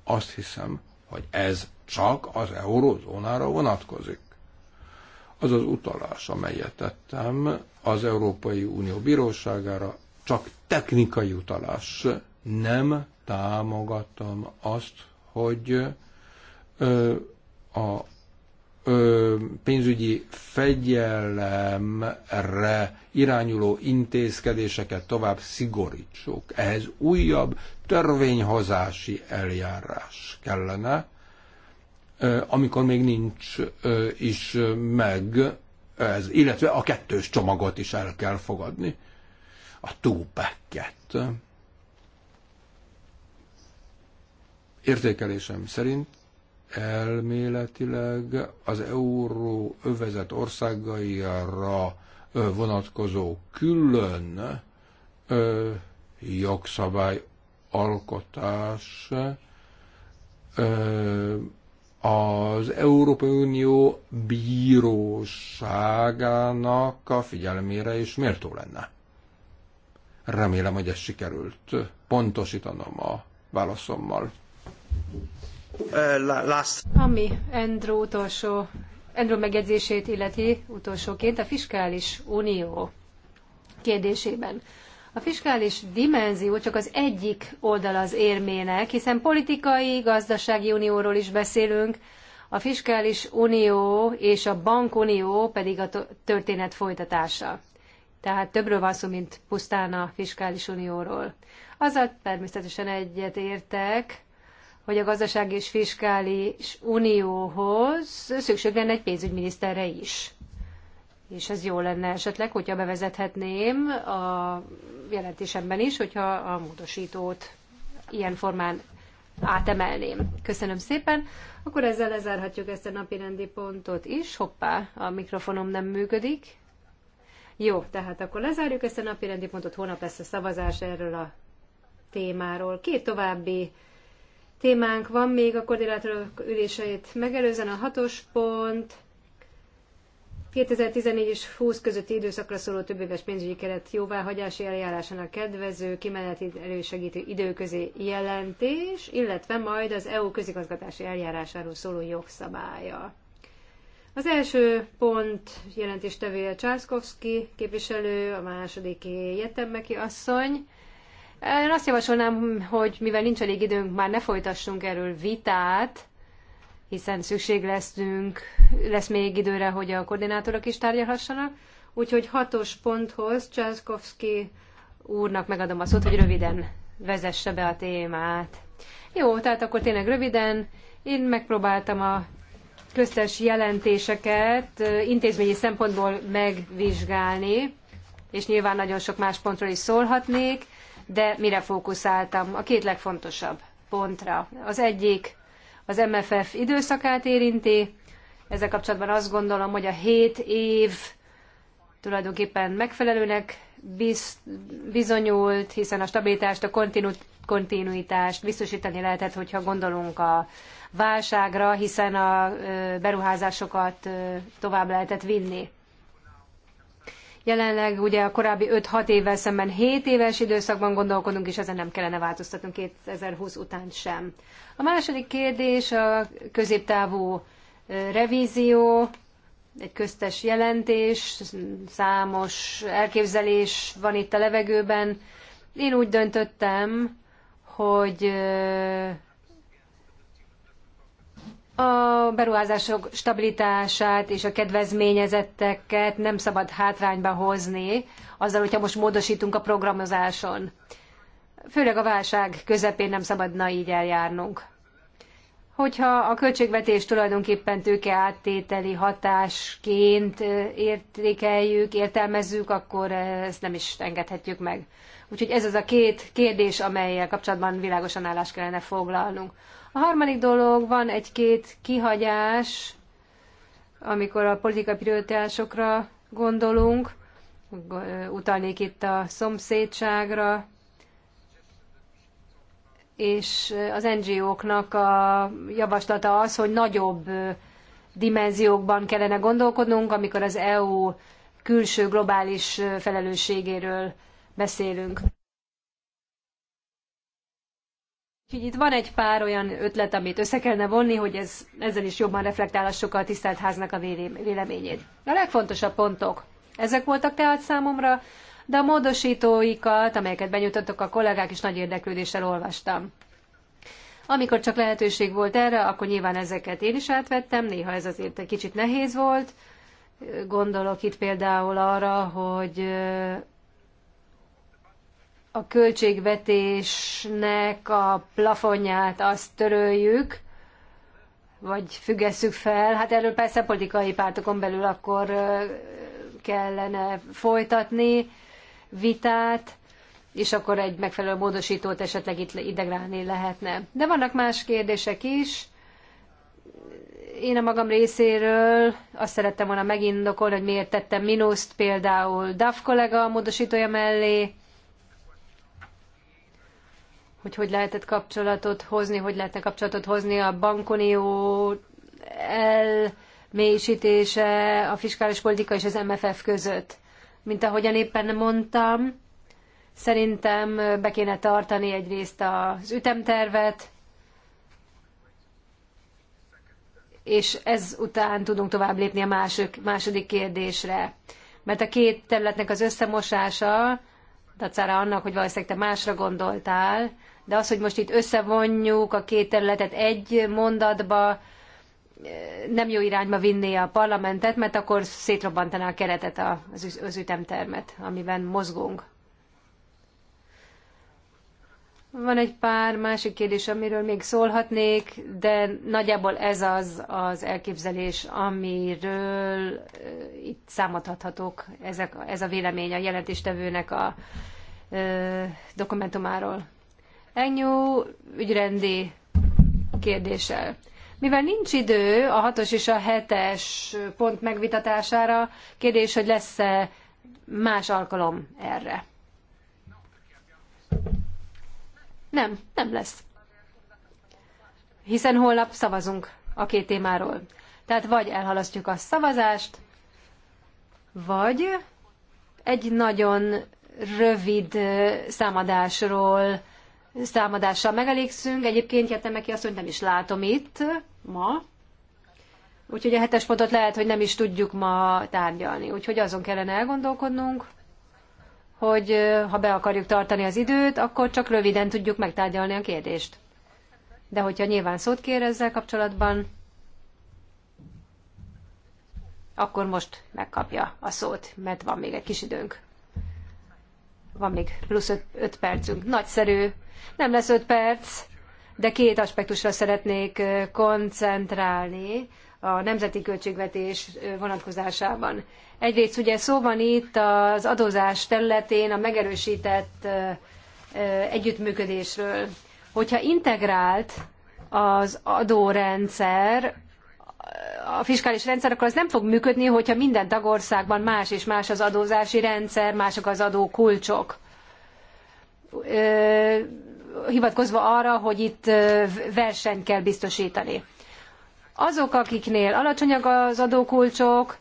Azt hiszem, hogy ez csak az eurózónára vonatkozik. Az az utalás, amelyet tettem az Európai Unió bíróságára, csak technikai utalás. Nem támogatom azt, hogy a pénzügyi fegyelemre irányuló intézkedéseket tovább szigorítsuk. Ehhez újabb törvényhozási eljárás kellene, amikor még nincs is meg ez, illetve a kettős csomagot is el kell fogadni, a túpekket. Értékelésem szerint elméletileg az euró övezet országaira vonatkozó külön jogszabály alkotás az Európai Unió bíróságának a figyelmére is méltó lenne. Remélem, hogy ez sikerült pontosítanom a válaszommal. Uh, last. Ami Andrew utolsó, Andrew megjegyzését illeti utolsóként a fiskális unió kérdésében. A fiskális dimenzió csak az egyik oldal az érmének, hiszen politikai, gazdasági unióról is beszélünk, a fiskális unió és a bankunió pedig a történet folytatása. Tehát többről van szó, mint pusztán a fiskális unióról. Azzal természetesen egyet hogy a gazdasági és fiskális unióhoz szükség lenne egy pénzügyminiszterre is. És ez jó lenne esetleg, hogyha bevezethetném a jelentésemben is, hogyha a módosítót ilyen formán átemelném. Köszönöm szépen. Akkor ezzel lezárhatjuk ezt a napi rendi pontot is. Hoppá, a mikrofonom nem működik. Jó, tehát akkor lezárjuk ezt a napi rendi pontot. Holnap lesz a szavazás erről a témáról. Két további témánk van még a koordinátorok üléseit megelőzően a hatos pont, 2014 és 20 közötti időszakra szóló többéves pénzügyi keret jóváhagyási eljárásának kedvező kimeneti elősegítő időközi jelentés, illetve majd az EU közigazgatási eljárásáról szóló jogszabálya. Az első pont jelentéstevője Császkowski képviselő, a második Jettemeki asszony, én azt javasolnám, hogy mivel nincs elég időnk, már ne folytassunk erről vitát, hiszen szükség leszünk, lesz még időre, hogy a koordinátorok is tárgyalhassanak. Úgyhogy hatos ponthoz Császkowski úrnak megadom a szót, hogy röviden vezesse be a témát. Jó, tehát akkor tényleg röviden. Én megpróbáltam a köztes jelentéseket intézményi szempontból megvizsgálni, és nyilván nagyon sok más pontról is szólhatnék de mire fókuszáltam? A két legfontosabb pontra. Az egyik az MFF időszakát érinti. Ezzel kapcsolatban azt gondolom, hogy a hét év tulajdonképpen megfelelőnek biz bizonyult, hiszen a stabilitást, a kontinuitást biztosítani lehetett, hogyha gondolunk a válságra, hiszen a beruházásokat tovább lehetett vinni. Jelenleg ugye a korábbi 5-6 évvel szemben 7 éves időszakban gondolkodunk, és ezen nem kellene változtatnunk 2020 után sem. A második kérdés a középtávú revízió, egy köztes jelentés, számos elképzelés van itt a levegőben. Én úgy döntöttem, hogy a beruházások stabilitását és a kedvezményezetteket nem szabad hátrányba hozni, azzal, hogyha most módosítunk a programozáson. Főleg a válság közepén nem szabadna így eljárnunk. Hogyha a költségvetés tulajdonképpen tőke áttételi hatásként értékeljük, értelmezzük, akkor ezt nem is engedhetjük meg. Úgyhogy ez az a két kérdés, amelyel kapcsolatban világosan állást kellene foglalnunk. A harmadik dolog, van egy-két kihagyás, amikor a politikai prioritásokra gondolunk, utalnék itt a szomszédságra, és az NGO-knak a javaslata az, hogy nagyobb dimenziókban kellene gondolkodnunk, amikor az EU külső globális felelősségéről beszélünk. Úgyhogy itt van egy pár olyan ötlet, amit össze kellene vonni, hogy ez, ezzel is jobban reflektálassuk a tisztelt háznak a véleményét. A legfontosabb pontok. Ezek voltak tehát számomra, de a módosítóikat, amelyeket benyújtottak a kollégák, is nagy érdeklődéssel olvastam. Amikor csak lehetőség volt erre, akkor nyilván ezeket én is átvettem, néha ez azért egy kicsit nehéz volt. Gondolok itt például arra, hogy a költségvetésnek a plafonját azt töröljük, vagy függesszük fel. Hát erről persze politikai pártokon belül akkor kellene folytatni vitát, és akkor egy megfelelő módosítót esetleg itt idegrálni lehetne. De vannak más kérdések is. Én a magam részéről azt szerettem volna megindokolni, hogy miért tettem minuszt például DAF kollega a módosítója mellé, hogy hogy lehetett kapcsolatot hozni, hogy lehetne kapcsolatot hozni a bankunió elmélyítése, a fiskális politika és az MFF között. Mint ahogyan éppen mondtam, szerintem be kéne tartani egyrészt az ütemtervet, és ezután tudunk tovább lépni a másik, második kérdésre. Mert a két területnek az összemosása tacára annak, hogy valószínűleg te másra gondoltál, de az, hogy most itt összevonjuk a két területet egy mondatba, eh, nem jó irányba vinné a parlamentet, mert akkor szétrobbantaná a keretet, az, az ütemtermet, amiben mozgunk. Van egy pár másik kérdés, amiről még szólhatnék, de nagyjából ez az az elképzelés, amiről eh, itt számot adhatok. Ezek, ez a vélemény a jelentéstevőnek a uh, dokumentumáról. Ennyú ügyrendi kérdéssel. Mivel nincs idő a hatos és a hetes pont megvitatására, kérdés, hogy lesz-e más alkalom erre. Nem, nem lesz. Hiszen holnap szavazunk a két témáról. Tehát vagy elhalasztjuk a szavazást, vagy egy nagyon rövid számadásról, számadással megelégszünk. Egyébként jöttem neki azt, hogy nem is látom itt ma. Úgyhogy a hetes pontot lehet, hogy nem is tudjuk ma tárgyalni. Úgyhogy azon kellene elgondolkodnunk, hogy ha be akarjuk tartani az időt, akkor csak röviden tudjuk megtárgyalni a kérdést. De hogyha nyilván szót kér ezzel kapcsolatban, akkor most megkapja a szót, mert van még egy kis időnk. Van még plusz 5 percünk. Nagyszerű. Nem lesz 5 perc, de két aspektusra szeretnék koncentrálni a nemzeti költségvetés vonatkozásában. Egyrészt ugye szó van itt az adózás területén a megerősített együttműködésről. Hogyha integrált az adórendszer, a fiskális rendszer, akkor az nem fog működni, hogyha minden tagországban más és más az adózási rendszer, mások az adókulcsok. Hivatkozva arra, hogy itt versenyt kell biztosítani. Azok, akiknél alacsonyak az adókulcsok,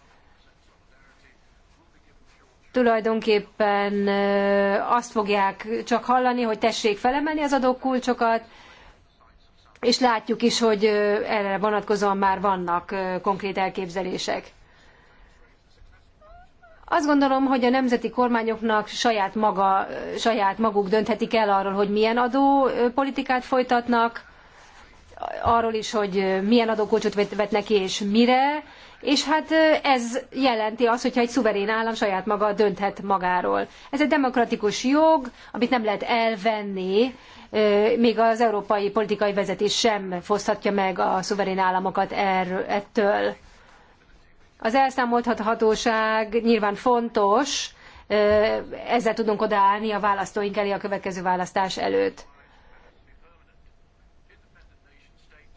tulajdonképpen azt fogják csak hallani, hogy tessék felemelni az adókulcsokat, és látjuk is, hogy erre vonatkozóan már vannak konkrét elképzelések. Azt gondolom, hogy a nemzeti kormányoknak saját, maga, saját maguk dönthetik el arról, hogy milyen adópolitikát folytatnak, arról is, hogy milyen adókulcsot vetnek neki, és mire, és hát ez jelenti azt, hogyha egy szuverén állam saját maga dönthet magáról. Ez egy demokratikus jog, amit nem lehet elvenni, még az európai politikai vezetés sem foszthatja meg a szuverén államokat erről, ettől. Az elszámoltathatóság nyilván fontos, ezzel tudunk odaállni a választóink elé a következő választás előtt.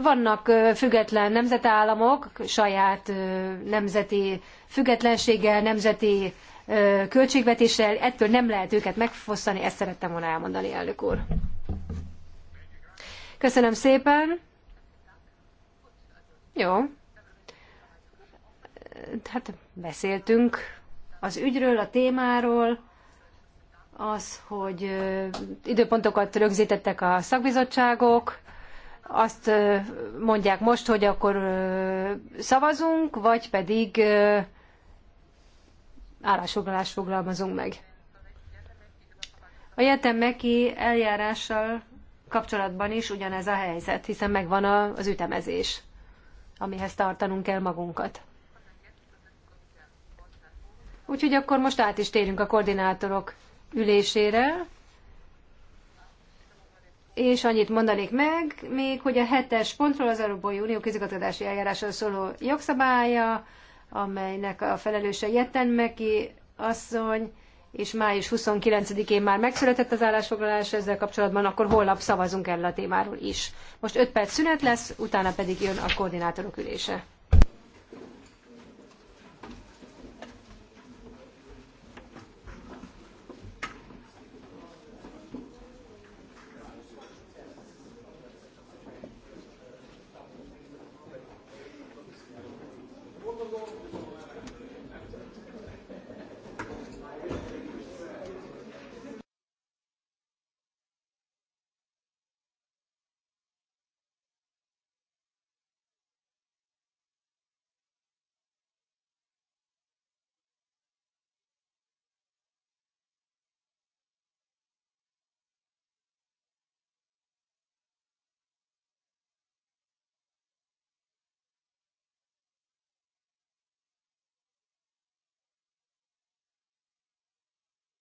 Vannak független nemzetállamok, saját nemzeti függetlenséggel, nemzeti költségvetéssel, ettől nem lehet őket megfosztani, ezt szerettem volna elmondani, elnök úr. Köszönöm szépen. Jó. Hát beszéltünk az ügyről, a témáról, az, hogy időpontokat rögzítettek a szakbizottságok, azt mondják most, hogy akkor szavazunk, vagy pedig állásfoglalást fogalmazunk meg. A jetem meki eljárással kapcsolatban is ugyanez a helyzet, hiszen megvan az ütemezés, amihez tartanunk kell magunkat. Úgyhogy akkor most át is térünk a koordinátorok ülésére és annyit mondanék meg még, hogy a hetes pontról az Európai Unió közigazgatási eljárásról szóló jogszabálya, amelynek a felelőse Jetten Meki asszony, és május 29-én már megszületett az állásfoglalás ezzel kapcsolatban, akkor holnap szavazunk erről a témáról is. Most 5 perc szünet lesz, utána pedig jön a koordinátorok ülése.